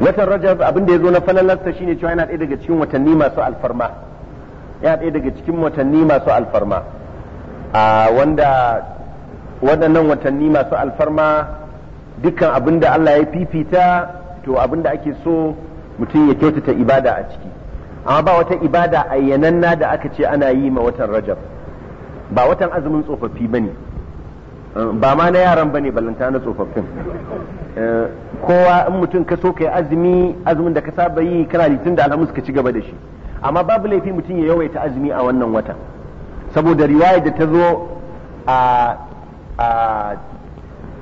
watan rajab abin da ya zo na falalarsa shine cewa yana ɗaya daga cikin watanni masu alfarma yana ɗaya daga cikin watanni masu alfarma a wanda waɗannan watanni masu alfarma dukkan abin da Allah ya fifita to abin da ake so mutum ya kyautata ibada a ciki amma ba wata ibada ayyananna da aka ce ana yi ma watan rajab ba watan azumin tsofaffi bane ba ma na yaran bane balanta na tsofaffin eh, kowa in mutum ka so ka yi azumi azumin da ka saba yi kana litin da alhamis ka ci gaba da shi amma babu laifi mutum ya yawaita azumi a wannan watan saboda riwaya da ta zo a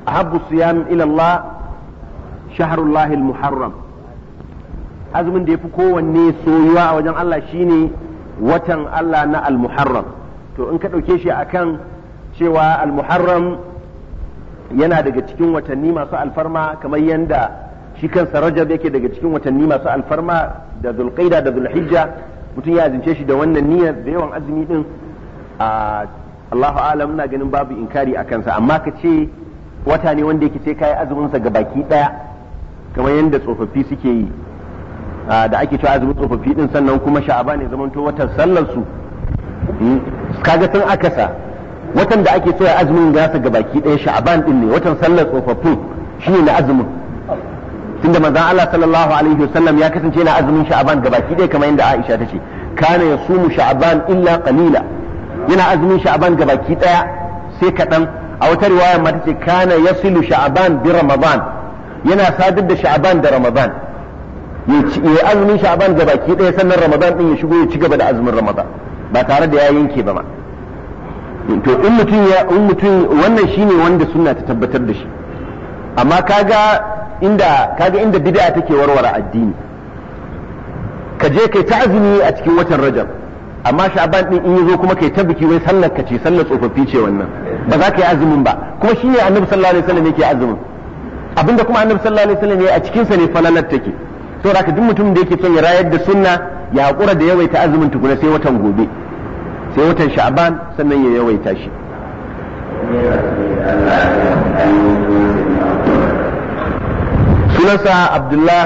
habbu siyam ila Allah shaharullahi muharram azumin da ya fi kowanne soyuwa a wajen Allah shine watan Allah na al-muharram to in ka ɗauke shi akan cewa al-muharram yana daga cikin watanni masu alfarma kamar yanda shi kansa rajab yake daga cikin watanni masu alfarma da zulqaida da zulhijja mutum ya azince shi da wannan niyyar da yawan azumi din a Allahu alam ina ganin babu inkari a kansa amma ka ce wata ne wanda yake sai yi azumin sa ga baki daya kamar yadda tsofaffi suke yi da ake cewa azumin tsofaffi din sannan kuma sha'aba ne zamanto watan sallar su hmm? kaga sun akasa watan da ake so azumin gasa ga baki ɗaya sha'aban din ne watan sallar tsofaffin shine na azumin tunda manzon Allah sallallahu alaihi wasallam ya kasance na azumin sha'aban ga baki ɗaya kamar yadda Aisha ta ce kana yasumu sha'aban illa qalila yana azumin sha'aban ga baki ɗaya sai kaɗan a wata riwaya ma ta tace kana yasilu sha'aban bi ramadan yana sadar da sha'aban da ramadan ya azumin sha'aban ga baki ɗaya sannan ramadan ɗin ya shigo ya ci gaba da azumin ramadan ba tare da ya yanke ba ma to in mutum ya in mutum wannan shine wanda sunna ta tabbatar da shi amma kaga inda kaga inda bid'a take warware addini ka je kai ta azumi a cikin watan rajab amma sha'ban ɗin in yazo kuma kai ta biki wai sallar ka ce sallar tsofaffi ce wannan ba za ka yi azumin ba kuma shine annabi sallallahu alaihi wasallam yake azumin abinda kuma annabi sallallahu alaihi wasallam ya a cikin sa ne falalar take to haka duk mutum da yake son ya rayar da sunna ya hakura da yawaita azumin tukuna sai watan gobe sai watan sha'ban sannan ya yawaita shi sunansa abdullah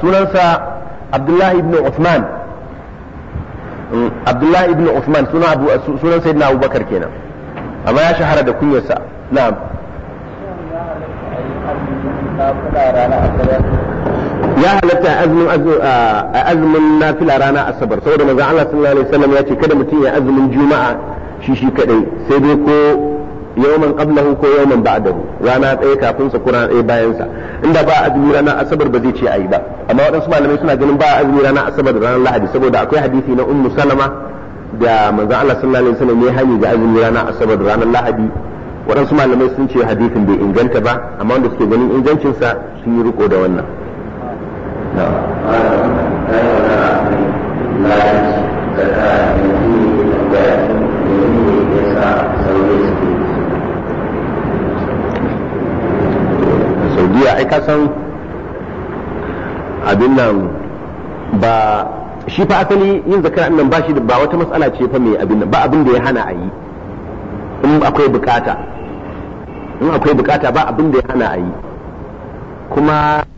sunansa abdullah ibn uthman abdullah ibn uthman sunan abu sunan sayyidina abubakar kenan amma ya shahara da kunyarsa na'am ya halatta azumin azumin nafila rana asabar saboda manzo Allah sallallahu alaihi ya ce kada mutum ya azumin juma'a shi shi kadai sai dai ko yawman qablahu ko yawman ba'dahu rana ɗaya kafin sa ko rana ɗaya bayan sa inda ba azumi rana asabar ba zai ce ayi ba amma waɗansu malamai suna ganin ba azumi rana asabar da ranar lahadi saboda akwai hadisi na ummu salama da manzon Allah sallallahu alaihi wasallam azumi rana asabar da ranar lahadi waɗansu malamai sun ce hadithin bai inganta ba amma wanda suke ganin ingancinsa sun yi riko da wannan saudiya ai ka san abin nan ba shi fa asali yin zakar nan ba shi ba wata matsala ce fa mai abin nan ba abin da ya hana a yi in akwai bukata in akwai bukata ba abin da ya hana a yi kuma